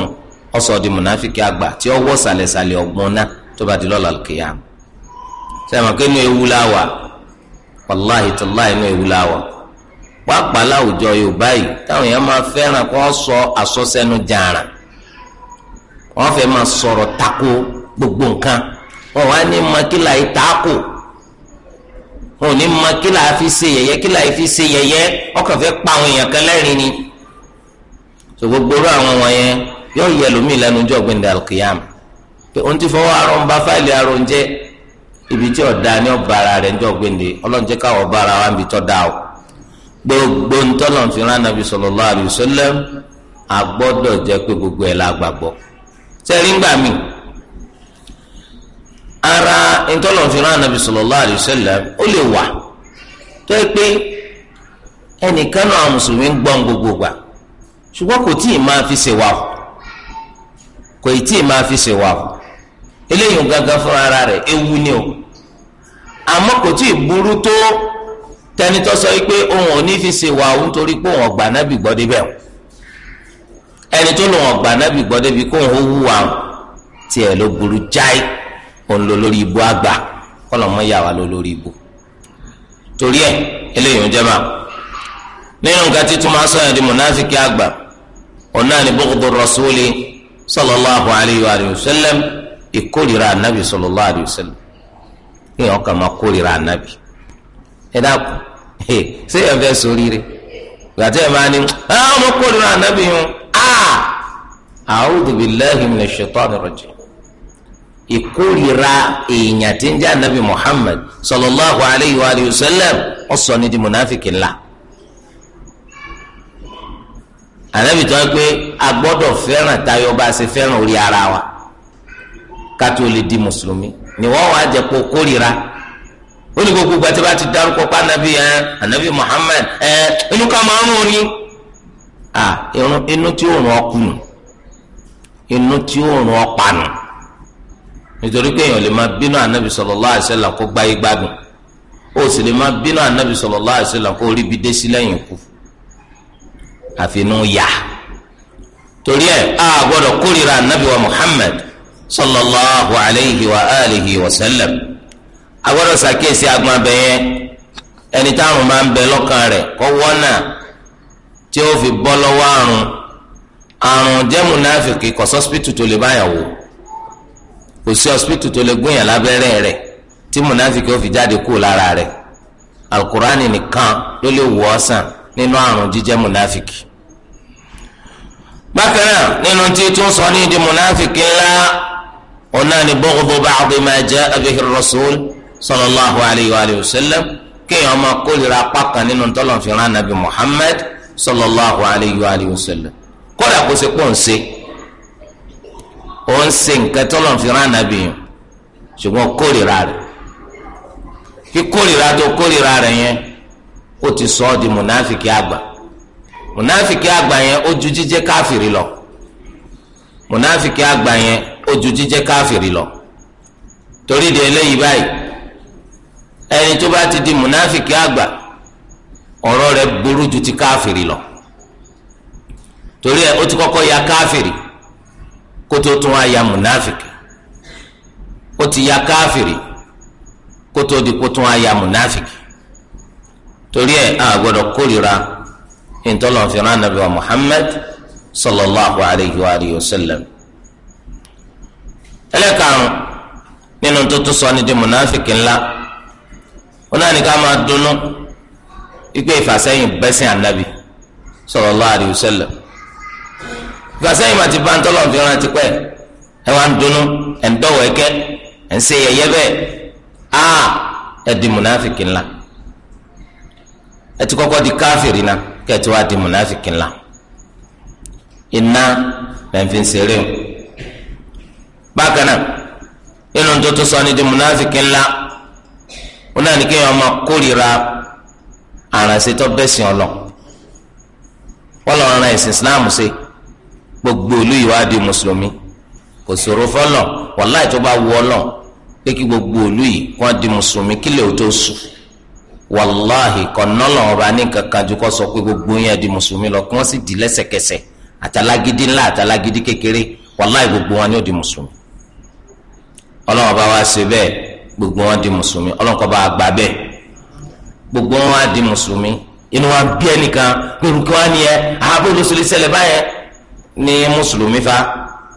ọ̀sọ̀ mùnàfíkì àgbà tí ó wọ́ sàlẹ̀sàlẹ̀ ọ̀gbọ́n náà tó bá di lọ́la kìyà sẹ́wọ̀n kí inú ewu láwà wàláhì inú ewu láwà láwùjọ yorùbá yìí táwọn èèyàn máa fẹ́ràn kó sọ àsọsẹ́nu wọ́n máa sọ̀rọ̀ tako gbogbo nǹkan wọ́n wá ní wọn ò ní ma kí là fi ṣe yẹyẹ kí pa àwọn èèyàn kan ni so gbogbo orú àwọn wọ̀nyẹn yóò yẹ lómi lẹ́nu gbẹndẹ alkiyam pé ohun fọwọ́ bá fáìlì ibi tí ọ̀dà ni ọba ara rẹ̀ gbẹndẹ ọlọ́run káwọ́ gbogbo fi rán agbọ́dọ̀ gbogbo ẹ̀ la gbàgbọ́ ara ntọ́lọ́fin anabi sallallahu alayhi wa sallam ó lè tó yẹ pé ẹnìkan náà mùsùlùmí ń gbogbo gba kò tí ì máa fi ṣe wà o kò tí fi ṣe o eléyìí gangan fún ara ewu ni o àmọ́ kò tí ì burú tó sọ pé òun ò ní fi ṣe wà o nítorí pé òun o lòun débi òun lò lórí ibú àgbà kọ́nà mọ́ yà wá lò lórí ibú torí ẹ eléyìí ń jẹ́ máa nínú nǹkan tí tuma sọ yẹn di munafiki àgbà òun náà ni bughdu rasuli sallallahu alayhi wa sallam ìkórìíra anabi sallallahu alayhi wa sallam ní ọkàn máa kórìíra anabi ẹ dákun ṣé ẹ fẹ́ sórí rẹ gbàtí ẹ máa ní ọmọ ah, kórìíra anabi yẹn a ah, a'udhu billahi minash shaitani rajim ìkórìíra èèyàn tí ń jẹ́ anabi muhammad sallallahu alayhi wa alihi wa sallam ó sọ ní di munafiki ńlá anabi tó ń pé a gbọ́dọ̀ fẹ́ràn tayọ bá a ṣe fẹ́ràn orí ara wa ká tó lè di mùsùlùmí ni wọ́n wá jẹ́ kó kórìíra ó ní gbogbo gbàtí bá ti dárúkọ pa anabi ẹ anabi muhammad ẹ inú ká máa ń rún ni inú tí ó rún ọkùnrin inú tí ó rún ọpànù nítorí pé èèyàn lè máa bínú ànábì sallallahu alaihi wasallam kó gbáyé gbádùn ó sì lè máa bínú ànábì sallallahu alaihi wasallam kó rí ibi dé sí lẹ́yìn ikú àfinú yá torí ẹ a gbọ́dọ̀ kórìíra ànábì wa Muhammad sallallahu alayhi wa alihi wa sallam a gbọ́dọ̀ sàkíyèsí agbọn abẹ yẹn ẹni táwọn máa ń bẹ lọ́kàn rẹ̀ kọ wọnà tí ó fi bọ́ lọ́wọ́ àrùn àrùn jẹmúnáfìkì kọsọsipítù tó lè báyàwó kò sí hospital tó lè gbìyàn lábẹ́rẹ́ rẹ̀ tí munafiki ó fi jáde kú lára rẹ̀ alukurani nìkan ló lè wò ọ́ sàn nínú àrùn jíjẹ́ munafiki bákan náà nínú tí tún sọ ní di munafiki ńlá ọ̀nà ni bughdu ba'di ma ja'a bihi rasul sallallahu alayhi wa sallam kéèyàn máa kórìíra apá kan nínú tọ́lọ̀ fi rán nabi muhammad sallallahu alayhi wa sallam kódà kó se pọ̀ ń se ó ń ṣe nǹkan tó lọ́n fi rán ànábì yìí ṣùgbọ́n kórìíra rẹ̀ kí kórìíra tó kórìíra rẹ̀ yẹn ó ti sọ ọ́ di mùnáfìkì àgbà mùnáfìkì àgbà yẹn ó ju jíjẹ́ káfìrí lọ mùnáfìkì àgbà yẹn ó ju jíjẹ́ káfìrí lọ torí de eléyìí báyìí ẹni tó bá ti di mùnáfìkì àgbà ọ̀rọ̀ rẹ̀ burú ju ti káfìrí lọ torí ẹ ó ti kọ́kọ́ ya káfìrí kótó tún wá ya munafiki ó ti ya káfìrì kótó di kótó wá ya munafiki torí ẹ a gbọ́dọ̀ kórìíra ìtọ́lọ́fìrán nàbí wa Muhammad sallallahu alayhi wa alihi wa sallam ẹlẹ́karùn nínú tuntun sọ ni di munafiki ńlá wọn náà ní ká máa dunnú ikú ìfàsẹ́yìn bẹ́sìn ànábì sallallahu alayhi wa sallam gbàsẹ́yìn máa ti bá ń tọ́lọ̀ fi rántí pẹ́ ẹ wá ń dunnú ẹ̀ ń dọ̀wọ̀ ẹ̀kẹ́ ẹ̀ ń ṣe yẹ̀yẹ́ bẹ́ẹ̀ á ẹ̀ di mùnáfìkì ńlá ẹ̀ ti kọ́kọ́ di káfìrì náà kẹ́ ẹ̀ ti wá di mùnáfìkì ńlá iná lẹ́yìn fi ń o bákan náà inú tó tó sọ ni di mùnáfìkì ńlá wọn náà ní kí wọn máa kórìíra àrànṣetọ́ bẹ́sìn ọlọ wọn lọ ran ẹ̀sìn Islam ṣe gbogbo olú yìí wá di mùsùlùmí kò sòro fọlọ wàláì tó bá wù ọ lọ pé kí gbogbo olú yìí kó di mùsùlùmí kí lè o tó sùn wàláì kọ̀nà lọ́wọ́ bá ní kankan ju kó sọ pé gbogbo yẹn di mùsùlùmí lọ kí wọ́n sì di lẹ́sẹ̀kẹsẹ̀ àtàlágídí ńlá àtàlágídí kékeré wàláì gbogbo wọn ni ó di mùsùlùmí ọlọ́wọ́ bá wá ṣe bẹ́ẹ̀ gbogbo wọn di mùsùlùmí ọlọ́kọ́ bá gbà ní mùsùlùmí fa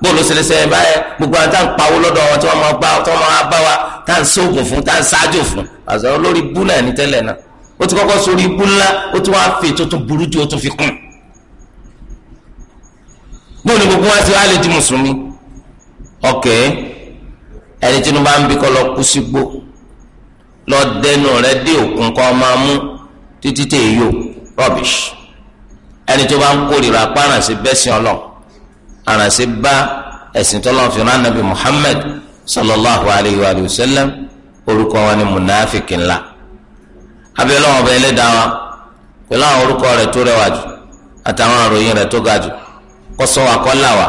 bóòlù ṣẹlẹsẹ báyẹ gbogbo àwọn tá à ń pawó lọ́dọ̀ wọn tí wọ́n máa bá tí wọ́n máa bá wa tá à ń ṣoògùn fún tá à ń ṣáájò fún àṣà olórí ibú náà ní tẹ́lẹ̀ náà ó ti kọ́kọ́ sórí ibú ńlá ó ti wá fi tuntun burú ju ó tún fi kún bóòlù gbogbo wọn ti wá lè di mùsùlùmí ọkẹ́ ẹni tí wọn bá ń bí kọ́ lọ kú sígbó lọ dẹnu rẹ dé òkun kọ́ máa mú títí tẹ̀ yó rubbish ẹni tó bá ń kórìíra pàrọ̀ sí bẹ́sìn ọlọ́run àrànṣe bá ẹ̀sìn tọ́lọ́ fi rán nàbì Muhammad sallallahu alayhi wa sallam orúkọ wọn ni munafiki ńlá abẹ́lẹ́ wọn bẹ́ẹ̀ lé da wa pẹ̀lú àwọn orúkọ rẹ̀ tó rẹwà jù àtàwọn àròyìn rẹ̀ tó ga jù kọ́sọ́ wa kọ́ là wa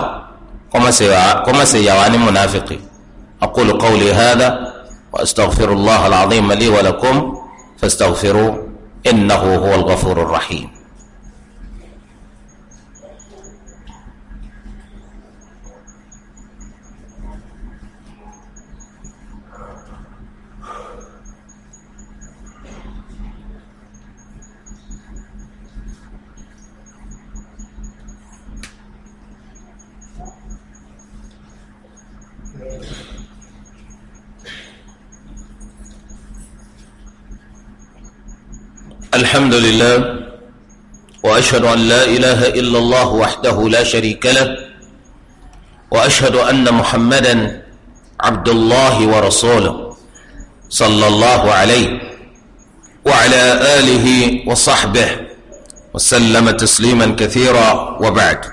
kọ́mọ̀sẹ̀ yà wá ní munafiki aqulu qawli hadha wa astaghfirullaha al-azim li wa lakum fastaghfiruhu innahu huwal الحمد لله وأشهد أن لا إله إلا الله وحده لا شريك له وأشهد أن محمدا عبد الله ورسوله صلى الله عليه وعلى آله وصحبه وسلم تسليما كثيرا وبعد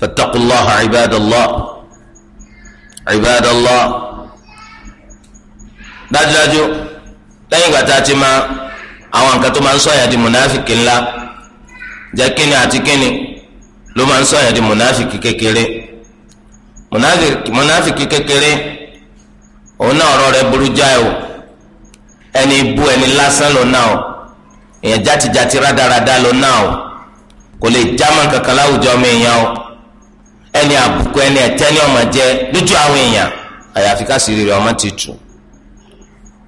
فاتقوا الله عباد الله عباد الله لا lẹ́yìn لا tá àwọn nǹkan tó máa ń sọ yàtí mùnáfìkì ńlá jẹ́ kíni àti kíni ló máa ń sọ yàtí mùnáfìkì kékeré mùnáfìkì kékeré òun náà ọ̀rọ̀ rẹ̀ burú jáì o ẹni bú ẹni lásán ló náà o èèyàn játijàti rádaràda ló náà o kò lè jámọ́ kankan láwùjọ mi èèyàn o ẹni àbùkù ẹni ẹ̀tẹ́ ni ọmọ jẹ lójú àwọn èèyàn àyàfi ká sì rí ọmọ ti tù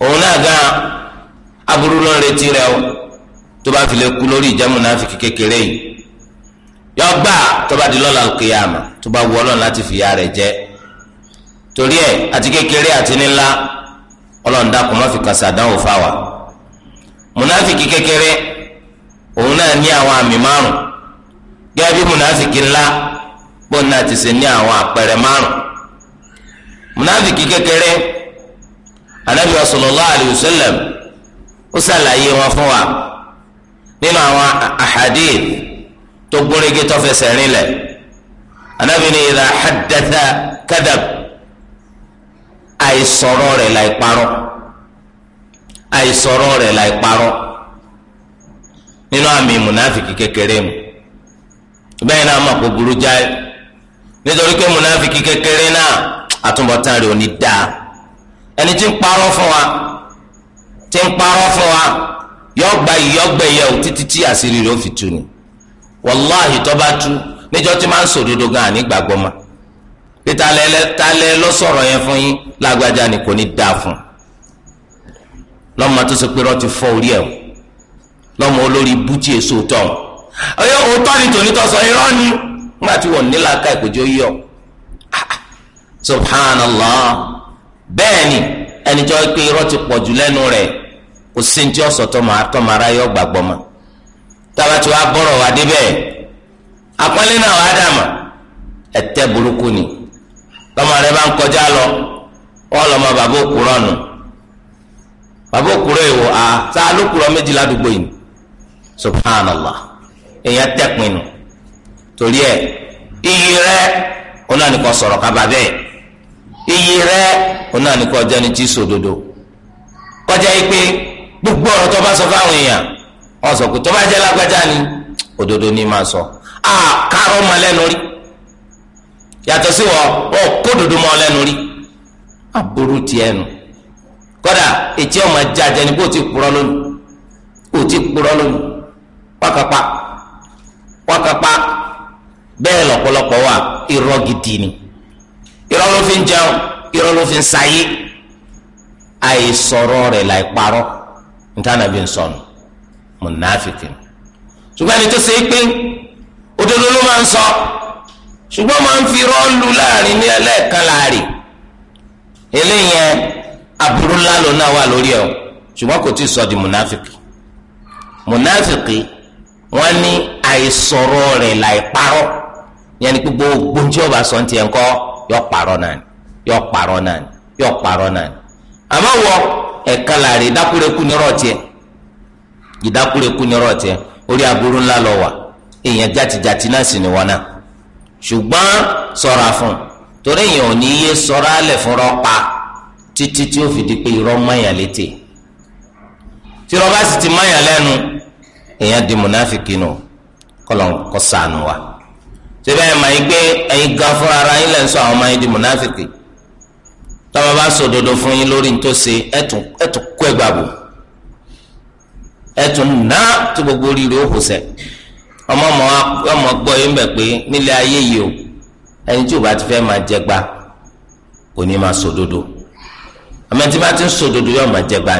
òun náà gan aburú ló ń retí rẹ o tó bá fi lè kú lórí ìjẹ́mu náà fi kékeré yìí yọ gbà tó bá di lọ́la kìyàmà tó bá wọ ọlọ́run láti fìyà rẹ̀ jẹ torí ẹ̀ àti kékeré àti nílá ọlọ́run dákun má fi kàṣà dánwò fáwa mùnáfìkì kékeré òun náà ní àwọn àmì márùn gẹ́gẹ́ bí mùnáfìkì ńlá bóun náà ti ṣe ní àwọn àpẹẹrẹ márùn mùnáfìkì kékeré Ànábì sallallahu alayhi wa sallam ó ṣàlàyé wọn fún wa nínú àwọn ahadith tó gúnrégé tó fẹsẹ̀ rinlẹ̀ Ànábì ní idha haddatha kadab àìsọ̀rọ̀ rẹ̀ láì parọ́ àìsọ̀rọ̀ rẹ̀ láì parọ́ nínú àmì mùnáfìkì kékeré mu bẹ́ẹ̀ náà mọ̀ kó burú jáì nítorí pé mùnáfìkì kékeré náà àtúbọ̀tán rẹ̀ ò ní dáa ẹni tí ń parọ́ fún wa tí ń parọ́ fún wa yóò gba ìyọ́gbẹ́ yẹ o títí tí àṣírí rẹ̀ ó fi tu ni wàláhì tó bá tú níjọ́ tí máa ń sòdodo gan àní gbàgbọ́ ma pé ta lẹ lọ sọ̀rọ̀ yẹn fún yín lágbájá ni kò ní dáa fún lọ́mọ tó ṣe pé rọ́ ti fọ́ orí ẹ̀ lọ́mọ olórí bútì èso tọ̀ ọ̀yọ́ òótọ́ ni tòní tọ́ sọ irọ́ ni nígbà tí wọ́n nílá ká ìpèjọ́ yíyọ subhanallah bẹ́ẹ̀ ni ẹnìjọ́ pé irọ́ ti pọ̀jù lẹ́nu rẹ̀ kò sí ní tí máa gbàgbọ́ ma tábàtì wa bọ̀rọ̀ wá débẹ̀ àpọ́nlé náà wà dà mà ẹ̀tẹ́ burúkú ni lọ́mọ rẹ bá ń lọ wọ́n lọ́mọ bàbá òkúrọ̀ nù bàbá òkúrọ̀ èèwọ̀ a tá a ló kúrọ̀ méjì ládùúgbò yìí subhanallah èèyàn tẹ̀pin torí ẹ̀ iyì rẹ nìkan sọ̀rọ̀ kaba bẹ́ẹ̀ iyì rẹ nìkan tí sòdodo kọjá yìí gbogbo ọ̀rọ̀ tó bá sọ fáwọn èèyàn wọ́n sọ pé tó bá jẹ́ lágbájá ni òdodo ni máa sọ àkàrọ̀ mọ́ lẹ́nu rí yàtọ̀ sí wọ́n wọ́n kó òdodo mọ́ lẹ́nu rí aburú tiẹ̀ nù kódà etí ọmọ jajẹ ni bó ti kúrọ lónìí ó ti kúrọ lónìí wákàpá wákàpá bẹ́ẹ̀ lọ́pọ̀lọpọ̀ wà irọ́ gidi ni irọ́ ló fi ń jẹun irọ́ ló fi ń sayé àìsọ̀rọ̀ rẹ̀ láì parọ́ nítaànà bí nsọnù mùnàfíkì ṣùgbọ́n ẹni tó ṣe é pé òdodo ló máa ń sọ ṣùgbọ́n máa ń fi rọ́ọ̀lù láàrin ní ẹlẹ́ẹ̀kan láàrin eléyẹn aburú ńlá ló náà wà lórí ẹ̀ ṣùgbọ́n kò tí ì sọ di mùnàfíkì mùnàfíkì wọ́n ní àìsọ̀rọ̀ rẹ̀ láìparọ́ yẹn ni gbogbo gbòǹjì ọba sọ ní tiẹ̀ ńkọ́ yọ parọ́ náà yọ parọ́ náà yọ parọ́ náà àmọ́ wọ́n ẹ̀ka láre ìdákúrekú ni ọ̀rọ̀ tiẹ̀ ìdákúrekú ni ọ̀rọ̀ tiẹ̀ orí aburú ńlá lọ wà èèyàn jàtìjàtì náà sì ni wọn náà ṣùgbọ́n ṣọ́ra fún torí èèyàn ò ní yé ṣọ́ra alẹ̀ fúnra pa títí tí ó fi di pé irọ́ mọ̀yàn létè tí irọ́ bá sì ti mọ̀yàn lẹ́nu èèyàn di mùnáfìkì nù kọlọ̀ kọ́ sànù wa ṣé bẹ́ẹ̀ máa ń gbé ẹ̀yin gan fúnra ara yín lẹ́ sọ àwọn máa ń di mùnáfìkì. tọ́wọ́ bá sòdodo fún yín lórí nítòsí ẹ̀tún kú ẹgbà bò ẹ̀tún ná tó gbogbo rírì ó ọmọ ọmọ gbọ́ yín bẹ̀ pé nílé ayé yìí o ẹni tí o bá ti fẹ́ máa jẹ gba kò ní máa sòdodo tí bá ti ń sòdodo yóò máa jẹ gba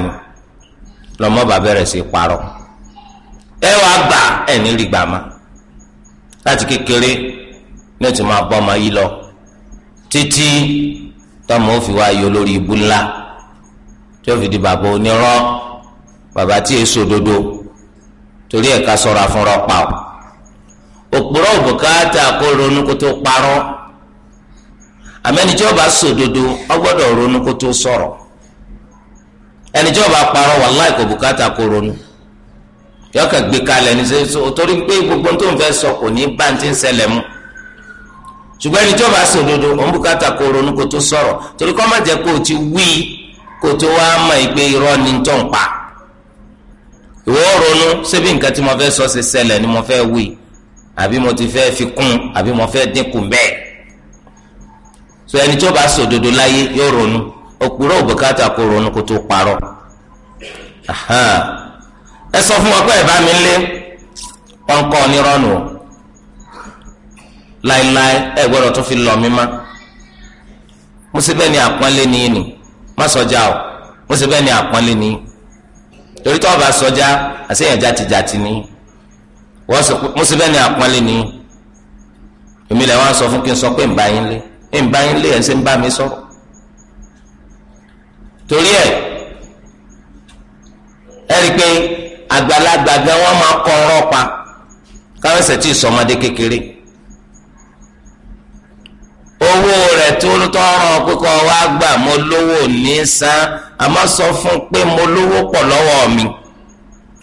ọmọ yìí lọ títí. tọ́mọ ó fi wá yọ lórí ibú ńlá tí ó fi di bàbá onírọ́ bàbá tí èso òdodo torí ẹ̀ka sọ̀rọ̀ àfúnrọ̀ pa ọ́ òpùrọ̀ òbùkátà kó ronú kó tó parọ́ àmẹ́ni tí ó bá sòdodo ó gbọ́dọ̀ ronú kó tó sọ̀rọ̀ ẹni tí ó bá parọ́ wàláì kò bùkátà kó ronú yọkàn gbé kalẹ̀ ní sẹ́yìn torí pé gbogbo tó ń fẹ́ sọ kò ní bá ń ti ń ṣẹlẹ̀ mu. ṣùgbọ́n ẹni tí ó bá sọ òdodo òun bùkátà kó ronú tó sọ̀rọ̀ torí kọ́ o ti wí kó o tó wá mọ̀ ìgbé irọ́ ni tó ń pa ìwọ ronú nǹkan mo fẹ́ sọ ṣe ṣẹlẹ̀ ni mo fẹ́ wí àbí mo ti fẹ́ fi kún àbí mo fẹ́ dínkù bẹ́ẹ̀ so ẹni tí ó bá sọ òdodo láyé yóò ronú bùkátà kó tó fún wọn pé ẹ bá lé onírọ́nù láéláé ẹ gbọ́dọ̀ tún fi lọ mí má mo sì bẹ́ẹ̀ ni àpọ́nlé ni nì má sọjá o Mùsùlùmí sì bẹ́ẹ̀ ni àpọ́nlé ni torí tó o bá sọjá àṣeyàn játijàti ni mo sì bẹ́ẹ̀ ni àpọ́nlé ni èmi lẹ́wọ́n á sọ fún kí n sọ pé ń bá yín lé ń bá yín lé ẹ̀ ṣe ń bá mi sọ̀rọ̀ torí ẹ, ẹ rí i pé àgbàlagbà gan wọn máa kọ ọ̀rọ̀ pa káwọn ẹsẹ tí ì sọ kékeré. owó rẹ̀ tó tọrọ pípọ̀ wá gbà mo lówó ní san àmọ́ sọ fún pé mo lówó pọ lọwọ mi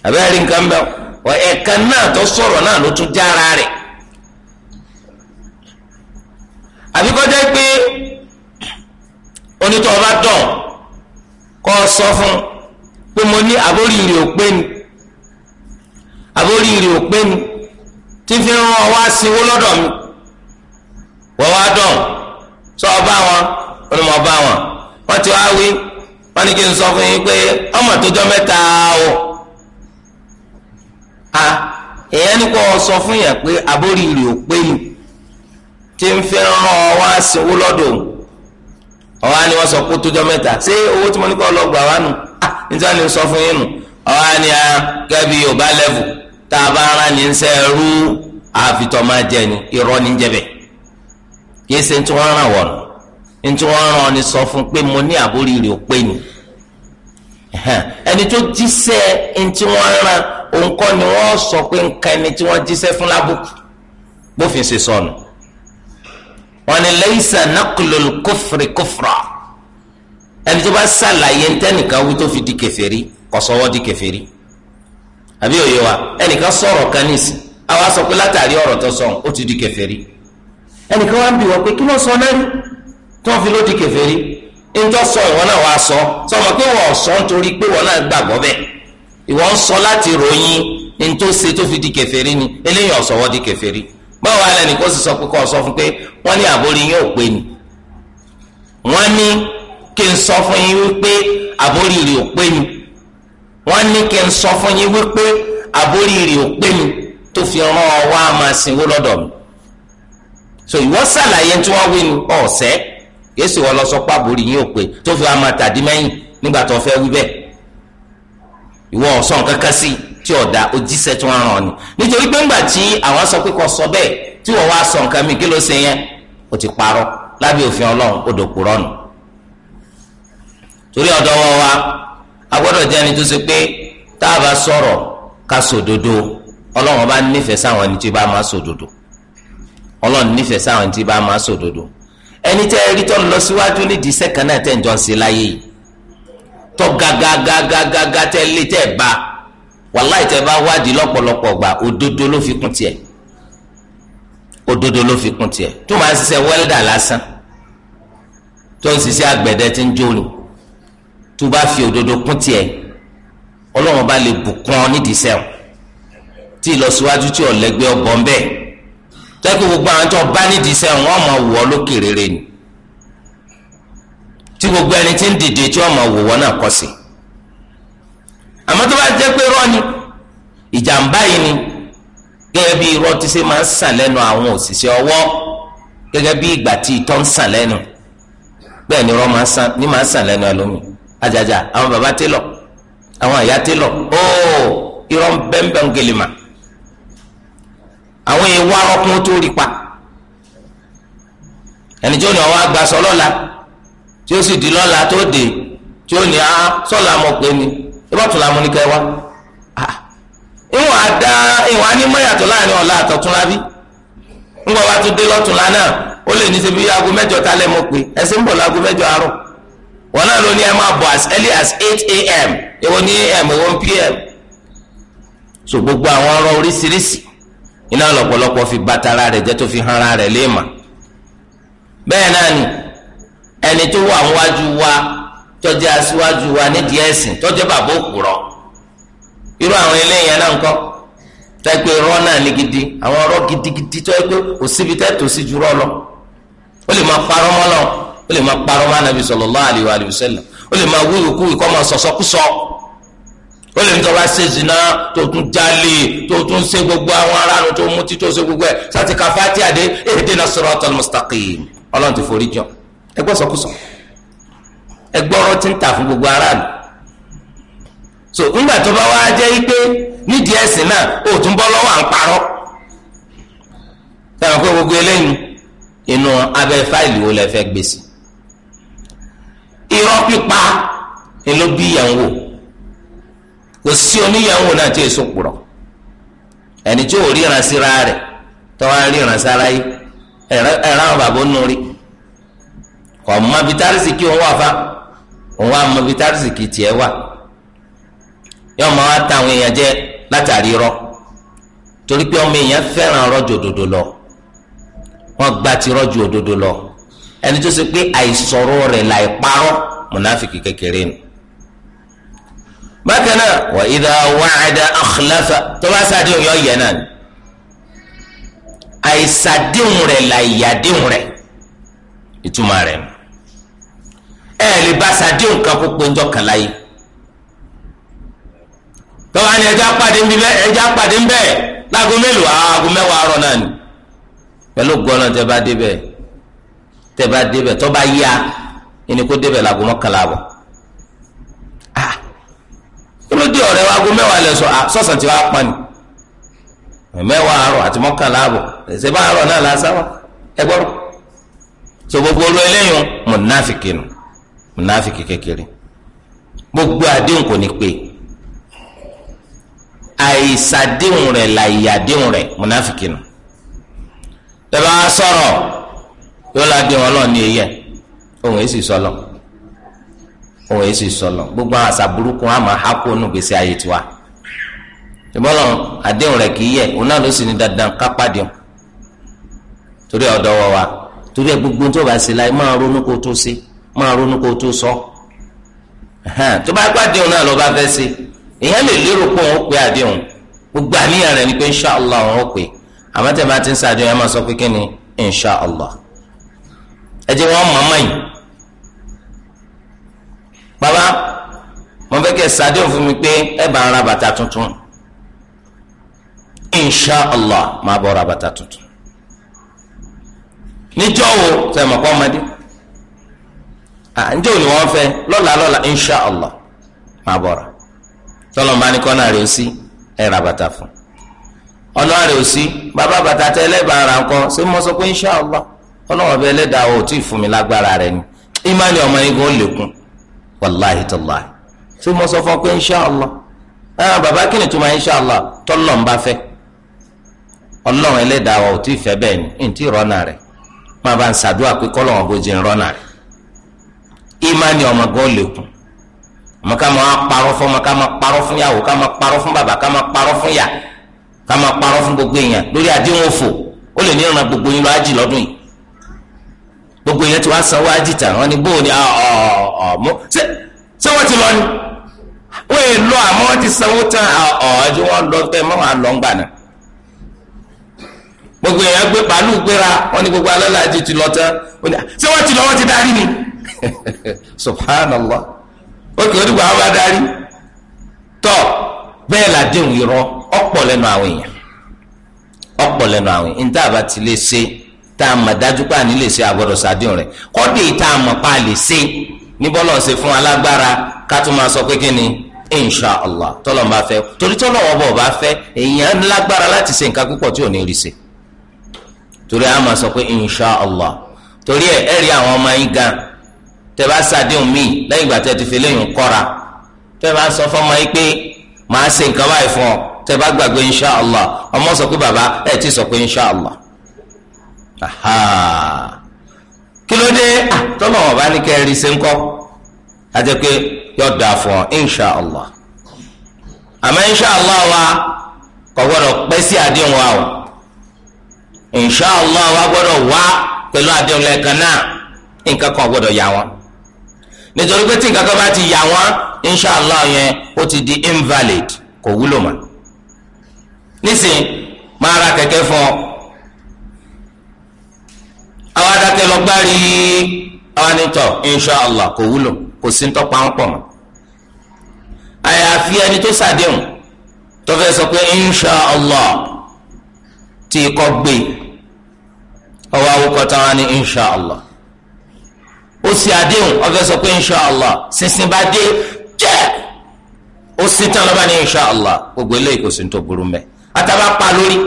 àbẹ́rẹ́ nǹkan bẹ́ẹ̀ ẹ̀ẹ̀kan náà tó sọ̀rọ̀ náà ló tún jára rẹ̀ àbíkọ́jẹ́ pé onítọ̀ bá dàn kọ́ sọ fún pé mo ní àbóríire ò pé ni àbóríire ò pé ni tí fi ń rán ọ wá sí lọ́dọ̀ mi. wọ́n wá dùn sọ ọba wọn ọba wọn wọ́n ti wá wí wọ́n ní kí n sọ fún yín pé ọmọ tó jọ mẹ́ta o oh. èèyàn sọ fún yẹn pé àbórí rè ó pé mi tí ń fẹ́ ọ wá sínwó lọ́dọ̀ ni tí mo ní kó lọ gbà wá nù ni sọ fún yín nù ọ̀hán ah, ni ni kì í ṣe ní tí wọ́n ràn wọ̀nù ní tí wọ́n ràn ni sọ fún pé mo ní àbórí rè ó pé ni ẹni tó jíṣẹ́ ní tí wọ́n ràn òun kọ́ ni wọ́n sọ pé nǹkan ẹni tí wọ́n jíṣẹ́ fún lábùkù bófin ṣe sọnù wọn ni lẹ́yìísà nàkùlùl kófìrí kófìrà ẹni tó bá ṣàlàyé ntẹ́nìkan wí tó fi di kẹfẹ́rí kọ́sọ́wọ́ di kẹfẹ́rí àbí òye wa ẹnìkan sọ̀rọ̀ kan nísì àwa sọ pé látàrí ọ̀rọ̀ tó sọ ó ti di kẹfẹ́rí ẹnìkan wá ń bì wọ́n pé kí ló sọ náà rí tó ń fi lódì kèfèrí ntọ́ sọ ìwọ náà wàá sọ sọmọ pé wọ́n sọ nítorí pé wọ́n náà gbàgbọ́ bẹ́ẹ̀ ìwọ ń sọ láti ròyìn ntọ́ ṣe tó fi di kèfèrí ni eléyìí ọ̀sọ̀ wọ́n di kèfèrí báwo alẹ́ nìkan sì sọ pé kọ́ sọ fún pé wọ́n ní àbórí yín ò pé ni wọ́n ní kí n sọ fún yín wípé àbórí rè ò pé ni wọ́n ní kí n sọ fún yín wípé àbórí rè ò pé ni tó fi rán ọ wá máa sìnwó lọ́dọ̀ mi so ìwọ sàlàyé tí wọ́n wí ni ọ̀sẹ́ yéésì wọ́n lọ sọ pé àbórí yín ò pé tó fi àmà tàdí mẹ́yìn nígbà tó fẹ́ wí bẹ́ẹ̀ ìwọ ọ̀sán kankan sí tí ọ̀dà ojíṣẹ́ tí wọ́n rán ni nítorí pé ńgbà tí àwọn sọ pé kò sọ bẹ́ẹ̀ tí wọ́n wá sọ nǹkan mi kí ló ṣe yẹn ó ti parọ́ lábẹ́ òfin ọlọ́run ó dòkú rọ́ọ̀nù torí ọ̀dọ́ wọn wa a gbọ́dọ̀ jẹ́ ẹni tó ṣe pé tá a bá sọ̀rọ̀ ká sòdodo ọlọ́run bá nífẹ̀ẹ́ sáwọn ẹni tí bá máa sòdodo ọlọ́run nífẹ̀ẹ́ sáwọn tí bá máa sòdodo ẹni tẹ́ ẹ rí tọ́ lọ síwájú nídìí iṣẹ́ kan náà tẹ́ ń jọ sí láyé yìí tọ́ gàgàgàgàgà tẹ́ lé tẹ́ bá wàláì tẹ́ bá wádìí lọ́pọ̀lọpọ̀ gbà òdodo ló fi kún tiẹ̀ òdodo ló fi kún tiẹ̀ tó máa ń ṣiṣẹ́ wẹ́lẹ́dà lásán tó ń ṣiṣẹ́ àgbẹ̀dẹ tí ń jóni tó bá fi òdodo kún tiẹ̀ ọlọ́run bá lè bùkún ọ nídìí iṣẹ́ tí ìlọsíwájú tí ọ̀lẹ́gbẹ́ ọgbọ́n bẹ́ẹ̀ tẹ́kí gbogbo àwọn tó bá nídìí sẹ́wọ̀n wọ́n ọmọ wọ̀ ọ́ lókè rere ni tí gbogbo ẹni tí ń dìde tí wọ́n náà kọ́ sí àmọ́ tó bá jẹ́ pé irọ́ ni ìjàmbá yìí ni gẹ́gẹ́ bí irọ́ ti ṣe máa ń sàn lẹ́nu àwọn òṣìṣẹ́ ọwọ́ gẹ́gẹ́ bí àyà óò oh, irọ́ ń àwọn èèwà ọkùn tó rí pa ẹni tí ó ní ọwọ́ agbasọ lọ́la tí ó sì di lọ́la tó dé tí ó ní a ah, sọ́la mọ̀ pé ni ìbọ̀tún làmú ní kẹwàá ìwọ̀n ah, àdá ìwọ̀n anímọ̀yàtọ̀ láàrin ọ̀la àtọ̀túnla bí ńgbọ́ wa tún dé lọ́túnla náà ó lè ní ṣebí aago mẹ́jọ kálẹ̀ mọ̀ pé ẹsẹ̀ ń bọ̀ láago mẹ́jọ àárọ̀ wọn náà ló ní ẹ máa bọ̀ as early as eight a.m. ìwọ ní am ìwọ pm so gbogbo àwọn ọ̀rọ̀ oríṣiríṣi iná lọ́pọ̀lọpọ̀ fi batara rẹ̀ jẹ́ tó fi hàn ara rẹ̀ léèmà bẹ́ẹ̀ náà ni ẹni tó wà níwájú wa tó aṣíwájú wa nídìí ẹ̀sìn tó bàbá òkúrọ̀ irú àwọn eléyìí náà ń kọ́ tẹ́gbẹ́ irọ́ náà ní gidi àwọn ọ̀rọ̀ gidigidi tó pé kò síbi lọ ó lè máa parọ́ mọ́ náà ó lè máa parọ́ mọ́ ó lè o lè ní tọ́ bá ṣe tó tún gbogbo àwọn aráàlú tó mutí tó ṣe gbogbo ẹ̀ sátì ka fati àdé na siratal mustaqim ọlọ́run ti forí jọ ẹgbọ́ sọkúsọ ẹgbọ́ ọ̀rọ̀ ti ń tà so ńgbà tó bá wá jẹ́ nídìí ẹ̀sìn náà tún bọ́ lọ́wọ́ à gbogbo eléyìí inú abẹ́ fáìlì wo fẹ́ gbèsè pípa bí ìyàwó kò sí oníyàwó náà tí èso kpọ̀rọ̀ ẹni tí ò ríran síra rẹ̀ tọ́wá ríran sára yìí ẹ̀rọ àwọn bàbá ń nori kò mọ kí òun wà fa òun wà mọ bitarisi kì tiẹ̀ wà yóò máa ta àwọn èèyàn jẹ látàrí irọ́ torí pé ọmọ èèyàn fẹ́ràn rọ́jò òdodo lọ wọ́n gba ti rọ́jò òdodo lọ ẹni tó ṣe pé àìsọ̀rọ̀ rẹ̀ láì parọ́ mùnáfìkì kékeré nù bákan náà wà idha wa'ada akhlafa tó bá sàdéhùn yọ yẹ náà ni àìsàdéhùn rẹ̀ làyàdéhùn rẹ̀ ìtumọ̀ rẹ̀ ẹ lè bá sàdéhùn kan kó pé njọ́ kan láyé tọ́wọ́ ni ẹja pàdé ńbí bẹ́ẹ̀ ẹja pàdé ńbẹ́ mélòó aago mẹ́wàá àárọ̀ náà ni pẹ̀lú gbọ́nà tẹ́ bá débẹ̀ tẹ́ bá débẹ̀ tọ́ bá yá ẹni kó débẹ̀ láago mọ́kànlá àbọ̀ kí ló dé ọ̀rẹ́ wa aago mẹ́wàá lẹ sọ ah, sọsàn tí wàá pa ni mẹ́wàá àárọ̀ àti mọ́kànlá àbọ̀ ẹsẹ bá àárọ̀ náà lásán wa ẹ gbọ́dọ̀ so gbogbo olú ẹlẹyìn mùnáfìkì nù mùnáfìkì kékeré gbogbo àdéhùn kò ní pé àìsàdéhùn rẹ̀ làyàdéhùn rẹ̀ mùnáfìkì nù tẹ bá sọ̀rọ̀ yóò ládéhùn Ọlọ́run ní eyẹ òun èsì sọlọ. òun èsì sọlọ gbogbo àwọn àṣà burúkú wọn àmọ́ àkó nù gbèsè ayé tiwa ìbọlọ àdéhùn rẹ̀ kì í yẹ òun náà ló sì ní dandan kápádìọ torí ọdọ wa torí ẹ gbogbo tó bá ṣe láì máa ronú kó tó ṣe máa ronú kó tó sọ tó bá gbàdéhùn náà ló bá fẹ́ ṣe èèyàn lè lérò pé òun ó pe gbogbo àníyàn rẹ̀ ni pé inṣàlá òun ó pe àmọ́ bá ti ń sọ pé kí ni ẹ jẹ́ wọ́n mọ̀ mọ́ yìí Baba! mo fẹ́ kẹ́ sàdé òfin mi pé ẹ bá bàtà tuntun insha allah máa ra bàtà tuntun níjọ́ wo sẹ́mi ọ̀pọ̀ ọmọdé ǹjẹ́ òní wọ́n fẹ́ lọ́la lọ́la insha allah máa bọ̀ ra tọ́lọ́mọba ní kọ́nà rẹ̀ sí ra bàtà fún ọ̀nà sí baba bàtà ara ṣé mo sọ insha allah bẹ ẹlẹ́dàá ò tí ì fún mi lágbára ni ọmọ wàláhì tàláhì ṣé mo sọ fún ọ pé inṣàlá ah bàbá kí ni tó máa inṣàlá tọ́lọ̀ ń bá fẹ́ ọlọ́run ẹlẹ́dàá wa ò tí ì fẹ́ bẹ́ẹ̀ ni ntí rọ́nà rẹ̀ máa bá ń ṣàdúrà pé kọ́lọ́run bójú ń rọ́nà rẹ̀ ìmánì ọmọ gan lè kún ọmọ ká máa parọ́ fún ọmọ ká máa parọ́ fún yàwó ká máa parọ́ fún fún yà gbogbo èèyàn lórí àdéhùn òfò ó gbogbo yẹn ti wá sanwó àjìtà wọn ni bóun ni ọmọ ṣé ṣé wọn ti lọ ni wọn yìí lọ àmọ́ wọn ti sanwó tán ọjọ ah, ah, ah, wọn lọ bẹ́ẹ̀ mọ wọn lọ ń gbà náà gbogbo yẹn gbé pàálù gbéra wọn ni gbogbo alálàájì ti lọ tán ṣé wọn ti lọ wọn ti darí ni subhanallah ó kì í dùgbò àwọn bá darí tọ bẹ́ẹ̀ làdéhùn irọ́ ọ̀pọ̀ lẹ́nu àwọn èèyàn ọ̀pọ̀ lẹ́nu àwọn èèyàn ní tá a bá ti lè ṣe tá a mọ̀ dájú pé àní lè ṣe àgbọ̀dọ̀ sàdéhùn rẹ̀ kọ́dé tá a mọ̀ pa lè ṣe níbọ̀ lọ́n ṣe fún alágbára ká tún máa sọ pé kí ni insha allah tọ́lọ̀ bá fẹ́ torí tọ́lọ̀ ọ̀bọ̀ bá fẹ́ èèyàn lágbára láti ṣe nǹkan púpọ̀ tí ò ní rí ṣe torí a máa sọ pé insha allah torí ẹ ẹ rí àwọn ọmọ yín gan tẹ bá ṣàdéhùn míì lẹ́yìn ìgbà tẹ ti fi lẹ́yìn kọ́ra tẹ bá sọ fọmọ yín pé màá ṣe nǹkan báyìí fún ọ tẹ bá gbàgbé insha allah ọmọ sọ pé bàbá ẹ ti sọ pé insha allah kí ló dé ah, tọ́lọ̀ ọ̀bá ní kẹrin ṣe ń kọ́ àti pé yóò dáa fún insha allah àmọ́ insha allah wa kò gbọ́dọ̀ pẹ́ sí àdéhùn wa o insha allah wa gbọ́dọ̀ wá pẹ̀lú àdéhùn lẹ́ẹ̀kan náà nǹkan kan gbọ́dọ̀ yà àwọn adákẹ́ lọ gbárí àwọn anìtọ̀ inshàlá kò wúlò kò sí ń tọ́pa ń pọ̀ mọ́ àyàfi ẹni tó sàdéhùn tó fẹ́ sọ pé inshàlá tí kò gbé ọwọ́ awokọ̀ táwọn ní inshàlá ó sì àdéhùn ó fẹ́ sọ pé inshàlá sísìn bá dé jẹ́ ó sì tán lọ́ba ní inshàlá gbogbo eléyìí kò sí ń burú mẹ́ àtàbà pa lórí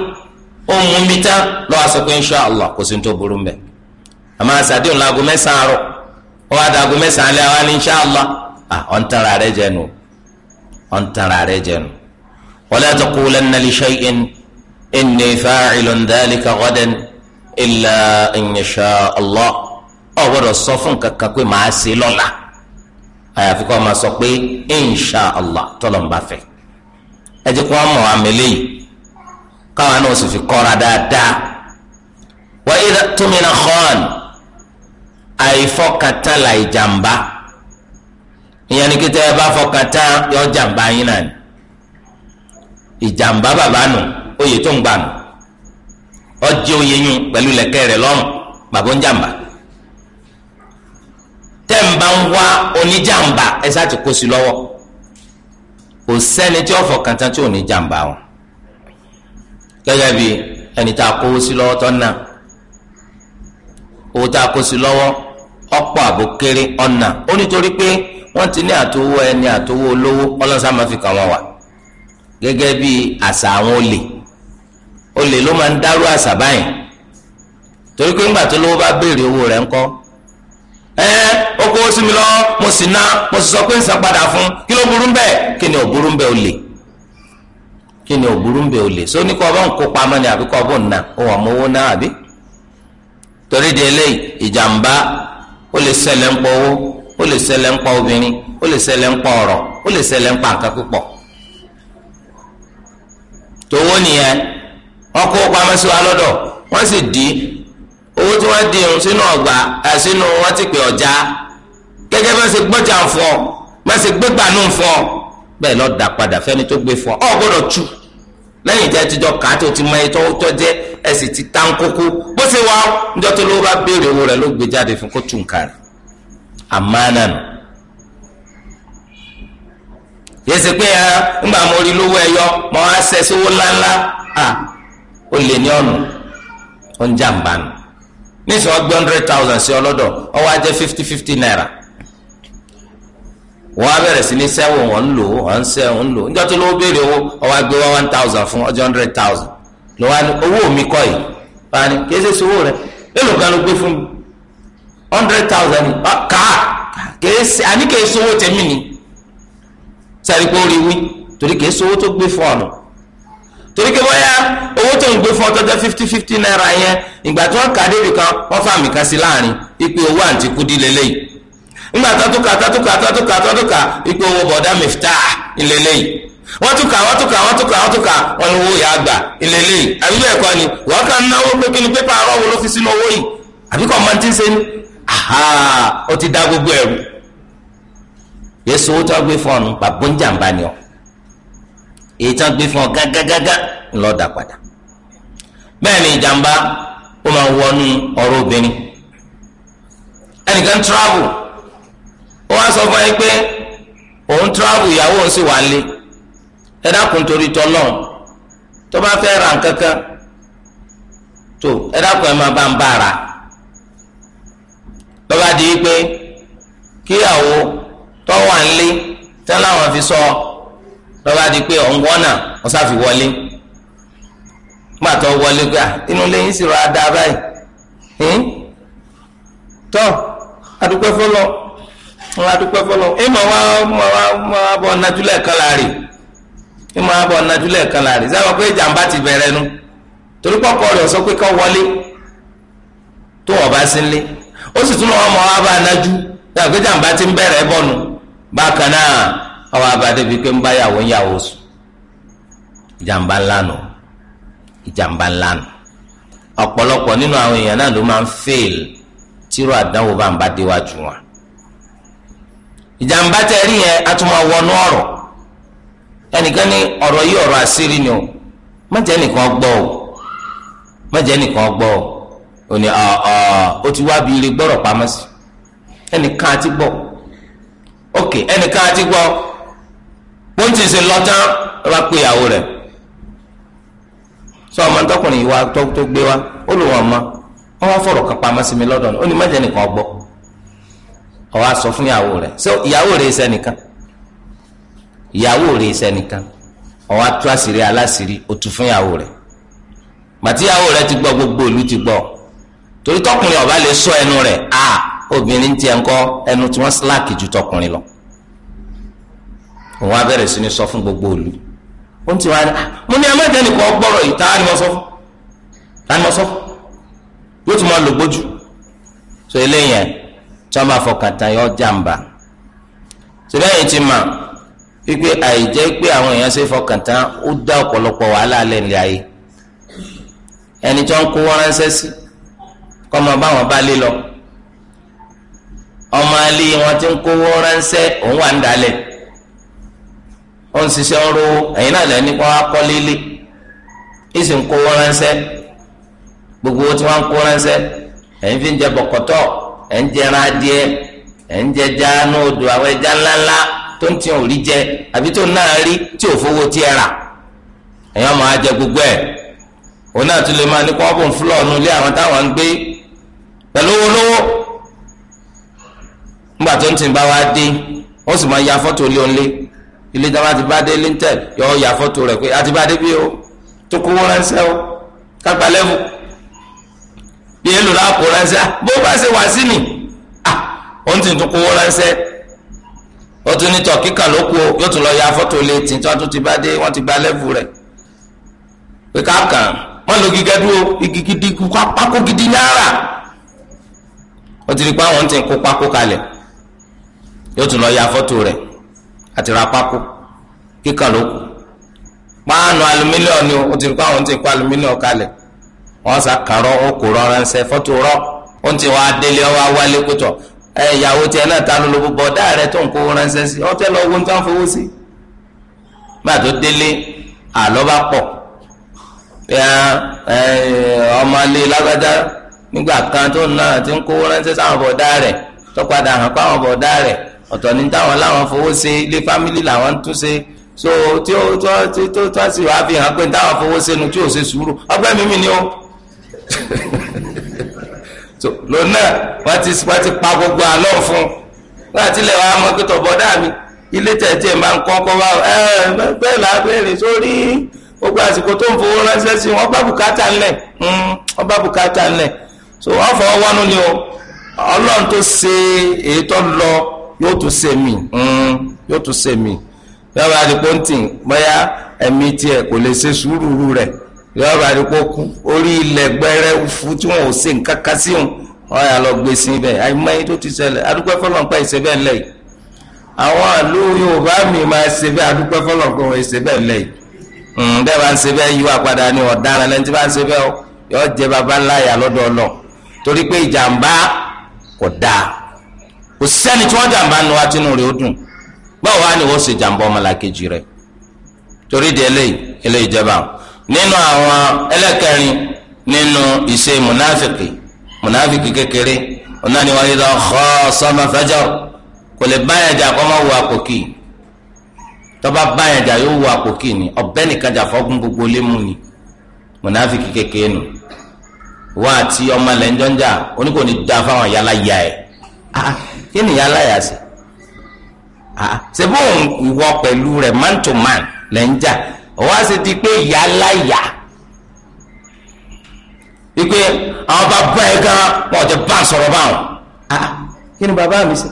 ó mú mi tán lọ́wọ́ sọ pé inshàlá kò sí ń burú mẹ́ àmọ́ àṣàdéhùn láago mẹ́sàn-án àárọ̀ ó wá dàgó mẹ́sàn-án alẹ́ àwa ní inṣàlá ọ̀ ń tanra rẹ jẹnu ọ̀ ń tanra rẹ jẹnu. wala taqulanna li shay'in inni fa'ilun dhalika ghadan illa in yasha Allah ọ̀ gbọ́dọ̀ sọ fún kankan pé màá ṣe lọ́la àyàfi kọ́ máa sọ pé insha allah tọ́lọ̀ ń bá fẹ́ ẹ jẹ́ kó wọ́n mọ̀ yìí káwọn náà sì fi kọ́ra dáadáa wa idha tumina khan. àìfọkàntán là ìjàmbá ìyẹn ni kíkẹ́ ẹ bá fọkàntán yọ jàmbá yín náà ni ìjàmbá bàbá nù oyè tó ń gbà nù ọjẹ́ oyè pẹlụ pẹ̀lú lẹ́kẹ́ rẹ̀ lọ́rùn bàbá ń jàmbá ń bá wá oníjàmbá ẹ sá ti kó sí lọwọ kò sẹni tí ó fọkàntán tí ò wọn ẹni tá ọ̀pọ̀ àbòkéré ọ̀nà ó nítorí pé wọ́n ti ní àtowó ẹni àtowó olówó ọlọ́sà máa fi kàn wọ́n wà gẹ́gẹ́ bí àṣà àwọn olè olè ló máa ń dárú àṣà báyìí torí pé ńgbà tó lówó bá béèrè owó rẹ̀ ńkọ́ ẹ ó kó mi lọ mo sì ná mo sì sọ pé ń san padà fún kí ló burú ń kí ni ò burú ń bẹ olè kí ni ò burú ń bẹ olè só ní kó ọbọ̀ ń pamọ́ ni àbí kó ọbọ̀ ń na òun àmọ́ owó náà àbí torí di eléyìí ìjàmbá O lè ṣẹlẹ̀ ń pa owó ó lè ṣẹlẹ̀ ń pa obìnrin ó lè ṣẹlẹ̀ ń pa ọ̀rọ̀ ó lè ṣẹlẹ̀ ń pa nǹkan púpọ̀ tòwó nìyẹn wọ́n kó pamọ́ sí wa lọ́dọ̀ wọ́n sì di owó tí wọ́n di ohun sínú ọgbà ẹ̀ sínú wọ́n ti pè ọjà gẹ́gẹ́ bá ṣe gbọ́jà fọ́ bá ṣe gbégbà náà fọ́ bẹ́ẹ̀ lọ́ọ́ dà padà fẹ́ni tó gbé fọ́ ọ̀ gbọ́dọ̀ tú. lẹ́yìn tí ẹtijọ́ ka á tó ti mọ ẹtọ́ tó jẹ́ ẹsì ti tán kókó bó ṣe wá níjọ́ tó ló bá béèrè owó rẹ̀ ló gbé jáde fún kó tún nǹkan rẹ̀ nù. pé ẹ ah, ńgbà mo rí lówó ẹyọ mo á ṣe sówó ńláńlá à ó lè ní ọ̀nà ó ń jàǹbá ọ ọ jẹ́ fifty fifty naira wọ á bẹ̀rẹ̀ sí ní sẹ́wọ̀n ń lò ń sẹ́wọ̀n ń lò níjọ́ tó lówó one thousand fún ọjọ́ hundred thousand ló wá ní owó mi kọ́ yìí ní kí ẹsẹ̀ sọ owó èlò kan ló fún hundred thousand ká àní tẹ̀mí ni sáré pé rí wí torí kèésì owó tó gbé fún ọ̀nà torí pé bóyá owó tó ń gbé fún ọtọ́jọ́ fifty fifty naira yẹn ìgbà tí wọ́n kà nígbà tátúkà tátúkà tátúkà tátúkà ipò owó bọ̀dá mẹ́fìtà ìlélẹ́yìí wọ́n túkà wọ́n túkà wọ́n túkà wọ́n túkà wọ́n ní yà á gbà ìlélẹ́yìí àbí bẹ́ẹ̀ ni wọ́n kà ń náwó pé pépà wo ló fi sínú owó yìí àbí kọ́ máa ń ṣe ni aha ó ti dá gbogbo ẹ̀rù owó tó gbé ni ọ sọ fún yín pé òun tíráàbù ìyàwó òun sì wà lé ẹ dákun torí tó bá fẹ́ ra nkankan tó ẹ dákun ẹ máa bá ń bá ara lọ́ba di pé kíyàwó wà lé láwọn fi sọ lọ́ba di pé òun wọ́nà wọ́n sáfi wọlé gbàtọ́ wọlé gbà inú lẹ́yìn sì rọ adá báyìí wọn adúpẹ́ fọlọ́ ẹ mọ̀ wá mọ̀ wá mọ̀ wá bọ̀ nàdúlẹ̀ kan láàrin ẹ mọ̀ wá nàdúlẹ̀ kan láàrin sábà pé jàǹbá ti bẹ̀rẹ̀ nu torí pọ̀pọ̀ rẹ̀ sọ pé kọ́ wọlé tó ọba sí ń lé ó sì tún lọ́wọ́ wá bá nájú sábà pé jàǹbá ti ń bẹ̀rẹ̀ bọ̀ bákan bíi pé ń bá yàwó ń yàwó sùn ńlá nù ńlá nù ọ̀pọ̀lọpọ̀ nínú àwọn èèyàn náà ló máa ń ìjàmbá tẹ rí yẹn a tún máa wọnú ọ̀rọ̀ ẹnìkan ní ọ̀rọ̀ yìí àṣírí ni o mọ̀jẹ̀ nìkan o mọ̀jẹ̀ nìkan o ò ní ọ ti wá bi ilé gbọ́rọ̀ pamọ́ sí ẹnìkan àti ok ẹnìkan àti bó ń ó wá sọ fún ìyàwó rẹ̀ so ìyàwó rẹ̀ iṣẹ́ nìkan ìyàwó rẹ̀ iṣẹ́ nìkan ó wá tú àṣírí aláṣírí ó tú fún ìyàwó rẹ̀ màtíyàwó rẹ̀ ti gbọ́ gbogbo ìlú ti gbọ́ torí tọkùnrin ọba lè sọ ẹnu rẹ̀ a obìnrin tiẹ̀ ńkọ́ ẹnu tí wọ́n síláàkì ju tọkùnrin lọ òun á sí ni sọ fún gbogbo ìlú ó ń tiwa ni mo ní ẹmọ ìdẹ́nì kan gbọ́rọ̀ yìí ta ni mo sọ fún ta ni mo sọ fún yóò tún máa lò so eléyìí tí wọn bá fọkàn tán yọ jàǹbá síbẹ̀ yìí ti mà wípé àìjẹ́ pé àwọn èèyàn ṣe fọkàn tán ó dá ọ̀pọ̀lọpọ̀ wàhálà alẹ́ ńlẹ̀ ayé ẹni tí wọn kó wọn ránṣẹ́ sí kọ́ ọmọ báwọn bá lé lọ ọmọ alẹ́ wọn ti ń kówó ránṣẹ́ òun wà ń dalẹ̀ ó ń ṣiṣẹ́ ọ̀rọ̀ ẹ̀yin náà lẹ́ni kọ́ akọ́ lélẹ̀ ìsìn kówó ránṣẹ́ gbogbo tí wọ́n ń kó ránṣẹ́ ẹ̀yin fi ń jẹ bọ̀kọ̀tọ̀ ẹ̀ ń jẹran adìẹ ẹ̀ àwọn ẹja ńláńlá tó ń tiẹ̀ jẹ àbí tó náà rí tí ò fowó tiẹ̀ rà ẹ̀yàn máa jẹ gbogbo ẹ̀ òun náà tún lè máa ní kọ́ọ̀bù fúlọ̀ọ̀nù ilé àwọn táwọn ń gbé pẹ̀lú owó lówó nígbà tó ń tì bá wa dé wọ́n sì máa ya fọ́tò ilé òǹlé ti bá dé lintel yọ ya fọ́tò rẹ̀ pé bá dé bí o tó kówó ránṣẹ́ o kápá bí èlò lápò ránṣẹ́ ah, bó bá ṣe wá sí ah, ó ń tì tún kówó ó tún ní ló kú o yóò tún lọ ya fọ́tò lè tì tí wọ́n tún ti bá dé ti gba pé igi gidi pákó gidi náírà ó ti àwọn kó pákó yóò tún lọ ya àti ra pákó ló kú alumílíọ̀nù ó wọ́n sàkàrọ̀ ó kò rọra ń sẹ́ ti wá délé ọwọ́ awálé kútọ̀ ẹ ìyàwó tiẹ̀ náà ta ló ló bọ̀ tó ń kó ránṣẹ́ sí ọtẹ lọ owó ń tán fowó sí. tó délé àlọ́ pọ̀ ọmọ alẹ́ lágbájá nígbà kan tó ti ń kó sáwọn bọ̀dá rẹ̀ tó padà hàn bọ̀dá rẹ̀ ọ̀tọ̀ ní táwọn láwọn fowó ilé fámìlì làwọn ń tún ṣe so tí ó tó tó tó sì wá fi hàn pé táwọn fowó ṣe tí ò so lónà wọn ti wọn ti pa gbogbo àlọ fún wọn àti ilẹ̀ wa mọ pé tọ̀bọ̀dá mi ilé tẹ̀tí máa ń kọ́ kọ́ wa ẹ bẹ́ẹ̀ là á bẹ̀rẹ̀ sórí gbogbo àsìkò tó ń fowó ránṣẹ́ sí wọn bá bùkátà ńlẹ̀ hmm, bá bùkátà ńlẹ̀ so wọn fọwọ́ wọnú ni o ọlọ́run tó ṣe lọ yóò tún ṣe mí hmm, yóò tún ṣe mí bá di pọ́ńtì bóyá ẹ̀mí tiẹ̀ kò lè yọọ bá rí kókú orí ilẹ̀ gbẹ́rẹ́ fún tí wọn ò ṣe nǹkan kan sí òun wọn yà lọ gbé sí àìmọye tó ti ṣẹlẹ̀ adúpẹ́ fọlọ́npẹ́ ìṣe bẹ́ẹ̀ lẹ́yìn àwọn àlú Yorùbá mi máa ṣe bẹ́ẹ̀ adúpẹ́ fọlọ́npẹ́ hmm, bá ń ṣe yíwá yọ ọlọ torí pé ìjàmbá kò kò tí wa o dùn báwo wá ni ṣe jàmbá ọmọlàkejì torí di eléyìí eléyìí nínú àwọn ẹlẹ́kẹrin nínú ìṣe mùnáfìkì mùnáfìkì kékeré ọ̀nà ni wọ́n yíra ọ̀họ́ sọ́mọ fẹ́jọ́ kò lè bá yẹn jà kó má wo àpòkì tọ́ba bá yẹn jà yóò wo àpòkì ni ọ̀bẹ nìkan jà fọ́gùn gbogbo lé mu ni mùnáfìkì kékeré nù wọ́n àti ọmọ lẹ́njọ́ ń jà oníkò ní da fáwọn yàrá ẹ̀ ah, ah, kí ni yàrá sí ṣe ah, ìwọ pẹ̀lú rẹ̀ man to man lẹ́njà wọ́n á sì ti pé ìyá láyà wípé àwọn bàbá ẹ̀ gan wọn ti bá sọ̀rọ̀ báwọn ah kí ni bàbá mi ṣe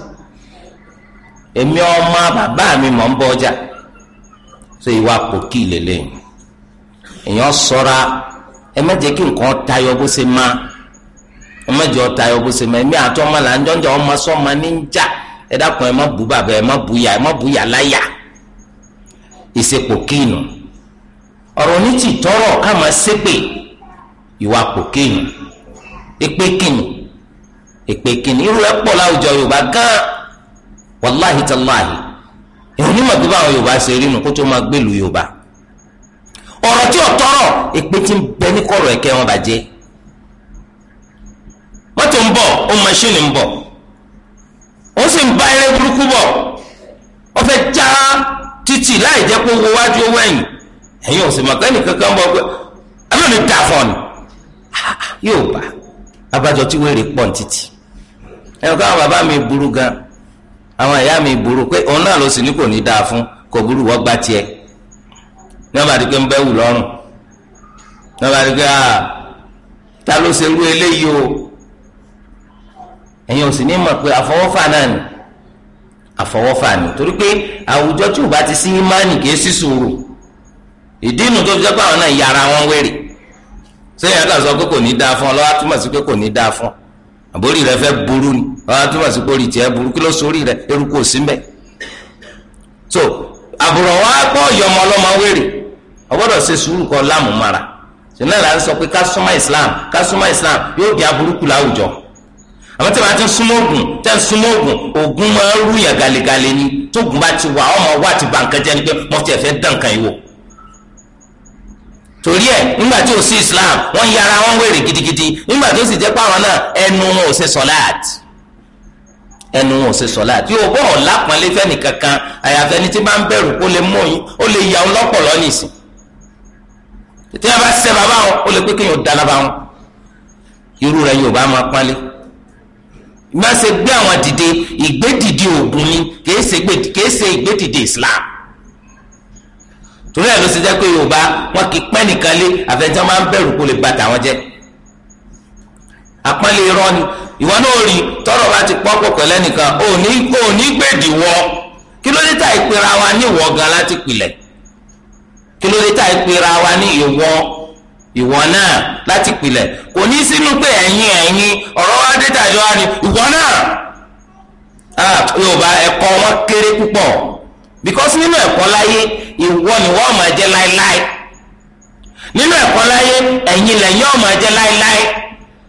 èmi ọmọ bàbá mi mọ̀ ń bọ ọjà ṣe ìwà pòkì lélẹ́yìn èèyàn sọ́ra ẹ má jẹ́ kí nǹkan tayọ bó ṣe máa ẹ má jẹ́ ọ tayọ bó ṣe máa ẹ̀mí àtọ́ ọmọ là ń jọ́njà ọmọ sọ́ma ní ń jà ẹ dákun ẹ má bú bàbá ẹ má bú ya ẹ má bú ya láyà ìṣepò kíìnù ọ̀rọ̀ ní ti tọrọ ká máa ṣépè ìwà pò kéèyàn èpè kìnnì èpè kìnnì irú ẹ̀ pọ̀ láwùjọ yorùbá gán wàláhì tàláhì èyí ni màbí báwọn yorùbá ṣe rí nu kó tó máa gbèlú yorùbá ọ̀rọ̀ tí ò tọrọ èpè ti ń bẹ ní kọ̀rọ̀ ẹ̀kẹ́ wọn bàjẹ́ mọ́tò ń bọ̀ ó mọ́ṣínì ń bọ̀ ó sì ń bá eré burúkú bọ̀ ó fẹ́ já títì láì jẹ́ kó wo wájú owó ẹ̀yìn. ẹ̀yin ò sì mọ̀ kẹ́ni kankan bọ̀ pé ẹlọ́ni dà fún ọ ni yóò bá abájọ tí wọ́n èrè pọ̀ títì ẹ̀rọ káwọn bàbá mi burú gan àwọn ìyá mi burú pé òun náà ló sì ní kò ní fún kò burú wọ́n gbá tiẹ̀ ní ń bẹ́ wù lọ́rùn ní ah, o ò sì ní mọ̀ pé àfọwọ́fà náà ni ni torí pé àwùjọ tí ò bá ti sí ìdí inú tó fi jẹ́ pé àwọn náà yàrá wọn wéré sẹ́yìn àgbà sọ pé kò ní dáa fún ọ lọ́wọ́ túmọ̀ sí pé kò ní dáa fún ọ àbórí rẹ fẹ́ burú ni lọ́wọ́ túmọ̀ sí pé orí tiẹ̀ burú kí ló sórí rẹ eruku ò sí mbẹ́ so àbùrọ̀ wa pọ̀ yọmọ ọlọ́mọ wéré ọgbọ́dọ̀ ṣe sùúrù kọ láàmú mara sẹ́yìn náà sọ pé ká súnmọ́ Islam ká súnmọ́ Islam yóò di aburúkú láwùjọ àwọn tí wàá ti súnmọ́ ogun tẹ́ súnmọ́ ogun ogun máa ń rú yàn galegale ni tógun bá ti wà ọmọ wa ti bà nǹkan jẹ́ ni pé mo ti ẹ̀ fẹ́ dán nǹkan yìí wò torí ẹ nígbà tí ò sí islam wọn yára wọn wèrè gidigidi nígbà tó sì jẹ pé àwọn náà ẹnu wọn ò ṣe sọláàt ẹnu wọn ò ṣe sọláàt yóò bọ ọlápọnlé fẹni kankan àyàfẹ ni tí bá ń bẹ̀rù kó lè mọyìn ó lè yà wọn lọpọlọ nìsín tí wọn bá ṣe bàbá wọn ó lè pé kéèyàn dáná bá wọn irú rẹ yóò bá máa pọnlé ìgbà ṣe gbé àwọn dìde ìgbé dìde ògùn ni kèé ṣe ìgbé dìde islam torí ẹ̀ ló ṣe jẹ́ pé yorùbá wọn kì í pẹ́ nìkan lé àfẹnjọ́ máa ń bẹ̀rù kó lè ba tàwọn jẹ́ àpọ́nlé irọ́ ni ìwọ náà rí tọrọ bá ti pọ́ pọ̀ pẹ̀lẹ́ nìkan ò ní kí ló dé ta ìpera wa ní ìwọ gan láti pilẹ̀ kí ló dé ta ìpera wa ní ìwọ ìwọ náà láti pilẹ̀ kò ní sínú pé ẹ̀yin ẹ̀yin ọ̀rọ̀ wa dé tàjọ́ wa ni ìwọ náà ah, yorùbá ẹ̀kọ́ wọn kéré púpọ̀ because nínú ẹ̀kọ́ láyé ìwọ ni wọ́n máa jẹ́ láéláé nínú ẹ̀kọ́ láyé ẹ̀yin lẹ́yìn ọ̀ máa jẹ́ láéláé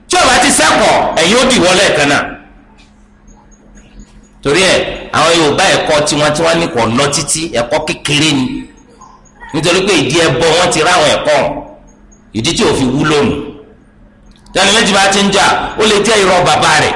tí o bá ti sẹ́kọ̀ọ́ ẹ̀yin ó dìwọ́lẹ̀ kan náà torí ẹ̀ àwọn Yorùbá ẹ̀kọ́ tiwọn tí wọ́n ní kò lọ títí ẹ̀kọ́ kékeré ni nítorí pé ìdí ẹbọ wọn ti ráwọn ẹ̀kọ́ ìdí tí òfin wúlò nù tẹnumẹ́jì bá ti ń jà ó lè jẹ́ irọ́ bàbá rẹ̀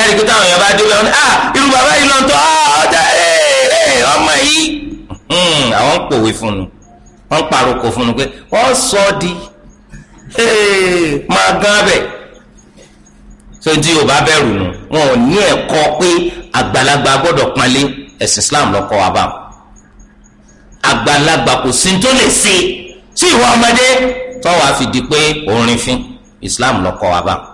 ẹ̀rí kí táwọn èèyàn bá dé lọ́nà ah irú bàbá yìí lọ́n tó ọ̀ọ́dà ọmọ yìí hmm, àwọn ń pòwe fún un wọ́n ń paroko fún un pé wọ́n sọ ọ́ di eh, máa gán abẹ sójú ò bá bẹ̀rù nù wọn ò ní ẹ̀kọ́ pé àgbàlagbà gbọ́dọ̀ panlé ẹ̀sìn Islam lọ́kọ́ wa bá wọn àgbàlagbà kò sí tó lè ṣe tí ìwọ ọmọdé tó wàá di pé orin fín Islam lọ́kọ́ wa bá wọn.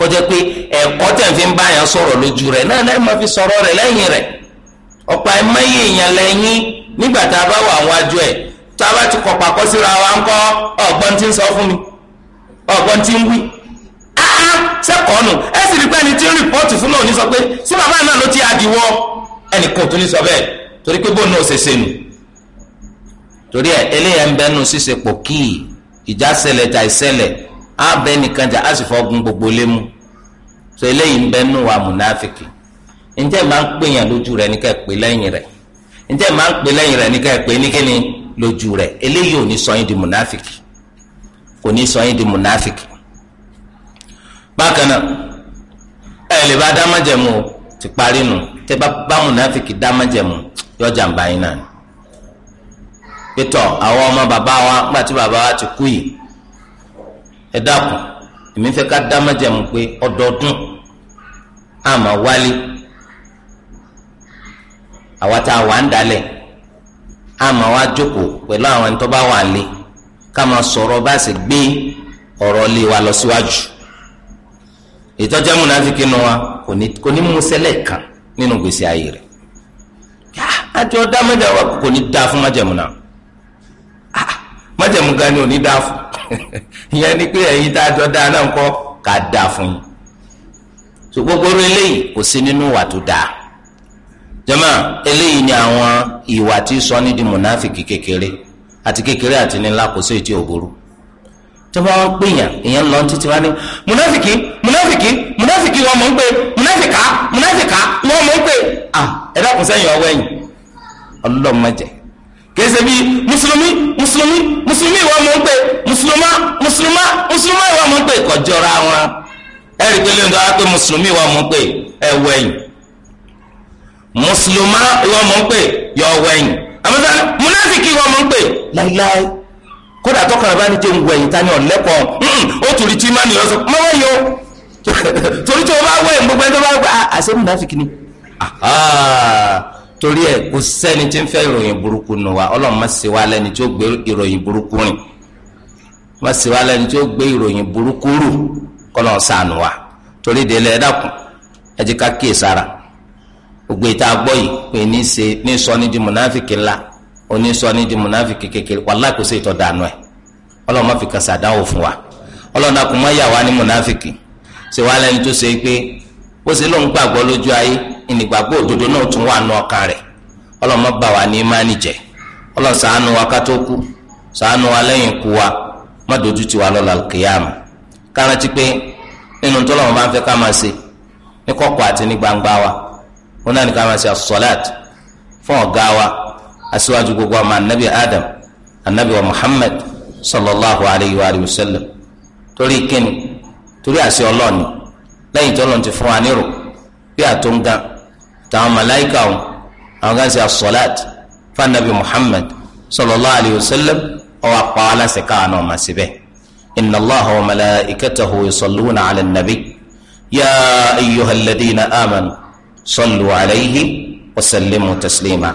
kọjá pé ẹ̀kọ́ tẹ̀ fi ń bá yẹn sọ̀rọ̀ lójú rẹ̀ náà lẹ́yìn máa fi sọ̀rọ̀ rẹ̀ lẹ́yìn rẹ̀ ọ̀pá ẹ̀mẹ́yìn èèyàn lẹ́yìn nígbà tá a bá wà ẹ̀ kọ̀ pàkọ́ síra fún mi ọ̀gbọ́n ti ń wí. ẹ sì rí pé ẹni tí ń fún sọ pé sí bàbá ti àdìwọ́ ẹnìkan ní sọ abẹ nìkan jà á sì fọgùn gbogbo lé mu so eléyìí ń bẹ nù wà múnáfìkì njẹ́ máa ń pèèyàn lójú rẹ ní ká pè lẹ́yìn rẹ̀ máa ń pè lẹ́yìn rẹ̀ ní ká pè lójú rẹ̀ eléyìí ò ní sọ yín di múnáfìkì kò ní sọ yín di múnáfìkì bákan náà ẹ lè bá o ti parí tẹ bá bá múnáfìkì yọ yín náà pétọ àwọn ọmọ bàbá wa ẹ dákun èmi fẹ́ ká dá pé ọdọọdún a máa wálé àwa tá a wà ń dalẹ̀ a máa wá jókòó pẹ̀lú àwọn ẹni tó bá wà lé ká máa sọ̀rọ̀ bá a sì gbé ọ̀rọ̀ lé wa lọ síwájú ìtọ́jà múnafíkì nu wa kò ní mú sẹ́lẹ̀ kan nínú gbèsè ayé rẹ̀ àti ọ̀dá mẹ́jọ wa kò ní dáa fún májẹ̀mú náà májẹ̀mú gan ni ò ní dáa fún ìyẹn ni pé ẹ̀yin tá a jọ dáa náà kọ́ ká dáa fún yín so gbogbo eléyìí kò sí nínú ìwà tó dáa jàmá eléyìí ni àwọn ìwà tí sọ ní di mùnáfìkì kékeré àti kékeré àti nílá kò sí ètí òbúrú tí wọ́n gbìyàn ìyẹn lọ títí wá ní mùnáfìkì mùnáfìkì mùnáfìkì wọn mọ̀ ń pè mùnáfìkà mùnáfìkà wọn mọ̀ ń pè à ẹ̀dá kùn sẹ́yìn ọwọ́ ẹ̀yìn ọlọ́mọdé kese bi musulumi musulumi musulumi ìwà mọ̀ ń pè musuluma musuluma musuluma ìwà mọ̀ ń pè kọjọra wọn ẹ̀rí pé lóyún tó wá pé musulumi ìwà mọ̀ ń pè ẹ wẹ̀yìn musuluma ìwà mọ̀ ń pè yọ wẹ̀yìn àmọ́tá munafiki ìwà mọ̀ ń pè láíláí kódà tọkàrà bá ní jẹun wẹ̀yìn tani ọ̀lẹ́kọ̀ọ́ ó tùrí tí má nìyọ sọ mọ́ wẹ̀yìn o torí tí o bá wẹ̀yìn gbogbo ẹni tó bá wẹ̀ ah, àṣẹ munafiki ni. torí ẹ kò sẹ́ni tí ń ìròyìn burúkú nù wá ọlọ́run má ṣe tí ó gbé ìròyìn burúkú rìn má torí délé ẹ ẹ ká kíyè sára ògbé a yìí pé ní ṣe ní sọ di mùnáfìkì ńlá onísọ ní di mùnáfìkì kékeré sí ìtọ́ dànù ẹ fi fún wa yà wá ní mùnáfìkì tó ṣe pé ṣe lóun gbàgbọ́ ìnìgbàgbọ́ òdodo náà tún wà nù ọkàn rẹ̀ ọlọ́mọ bá wa ní ìmánì jẹ́ ọlọ́ ṣàánú wa ká tó kú ṣàánú wa lẹ́yìn ikú wa má dojú tì wá lọ́la kìyàmù kárántí pé nínú tó lọ́wọ́ bá ń fẹ́ ká máa ṣe ní kọ̀kọ̀ àti ní gbangba wa wọn náà ní ká máa ṣe asọ́láàt fún ọ̀gá wa aṣíwájú gbogbo ọmọ anabi adam anabi wa muhammad sallallahu alayhi wa alihi wa sallam torí kíni torí àṣẹ ọlọ́ọ̀ni lẹ́yìn tó lọ́n ti fún wa nírò bí àtúngán tàwọn malaika o àwọn kan ṣe asọlát fanabi muhammad sallallahu alayhi wa sallam ọwọ akpọ̀ aláṣẹ káwọn ọmọ síbẹ̀ inna allah wa malaikatahu yusalluna ala nabi ya ayyuha alladhina amanu sallu alayhi wa sallimu taslima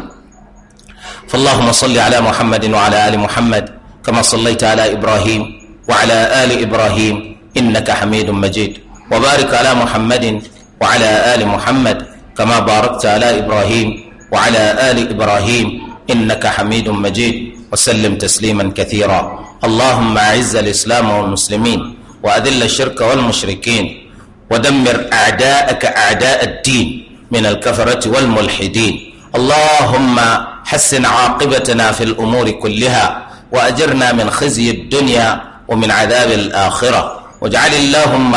fallahumma salli ala muhammadin wa ala ali muhammad kama sallaita ala ibrahim wa ala ali ibrahim innaka hamidun majid wa barik ala muhammadin wa ala ali muhammad كما باركت على إبراهيم وعلى آل إبراهيم إنك حميد مجيد وسلم تسليما كثيرا اللهم أعز الإسلام والمسلمين وأذل الشرك والمشركين ودمر أعداءك أعداء الدين من الكفرة والملحدين اللهم حسن عاقبتنا في الأمور كلها وأجرنا من خزي الدنيا ومن عذاب الآخرة واجعل اللهم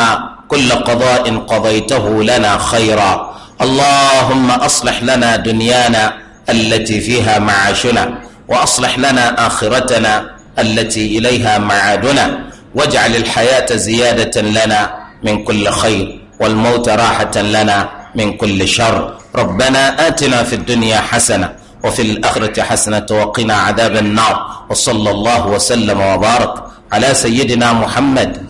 كل قضاء قضيته لنا خيرا اللهم أصلح لنا دنيانا التي فيها معاشنا وأصلح لنا آخرتنا التي إليها معادنا واجعل الحياة زيادة لنا من كل خير والموت راحة لنا من كل شر ربنا آتنا في الدنيا حسنة وفي الآخرة حسنة وقنا عذاب النار وصلى الله وسلم وبارك على سيدنا محمد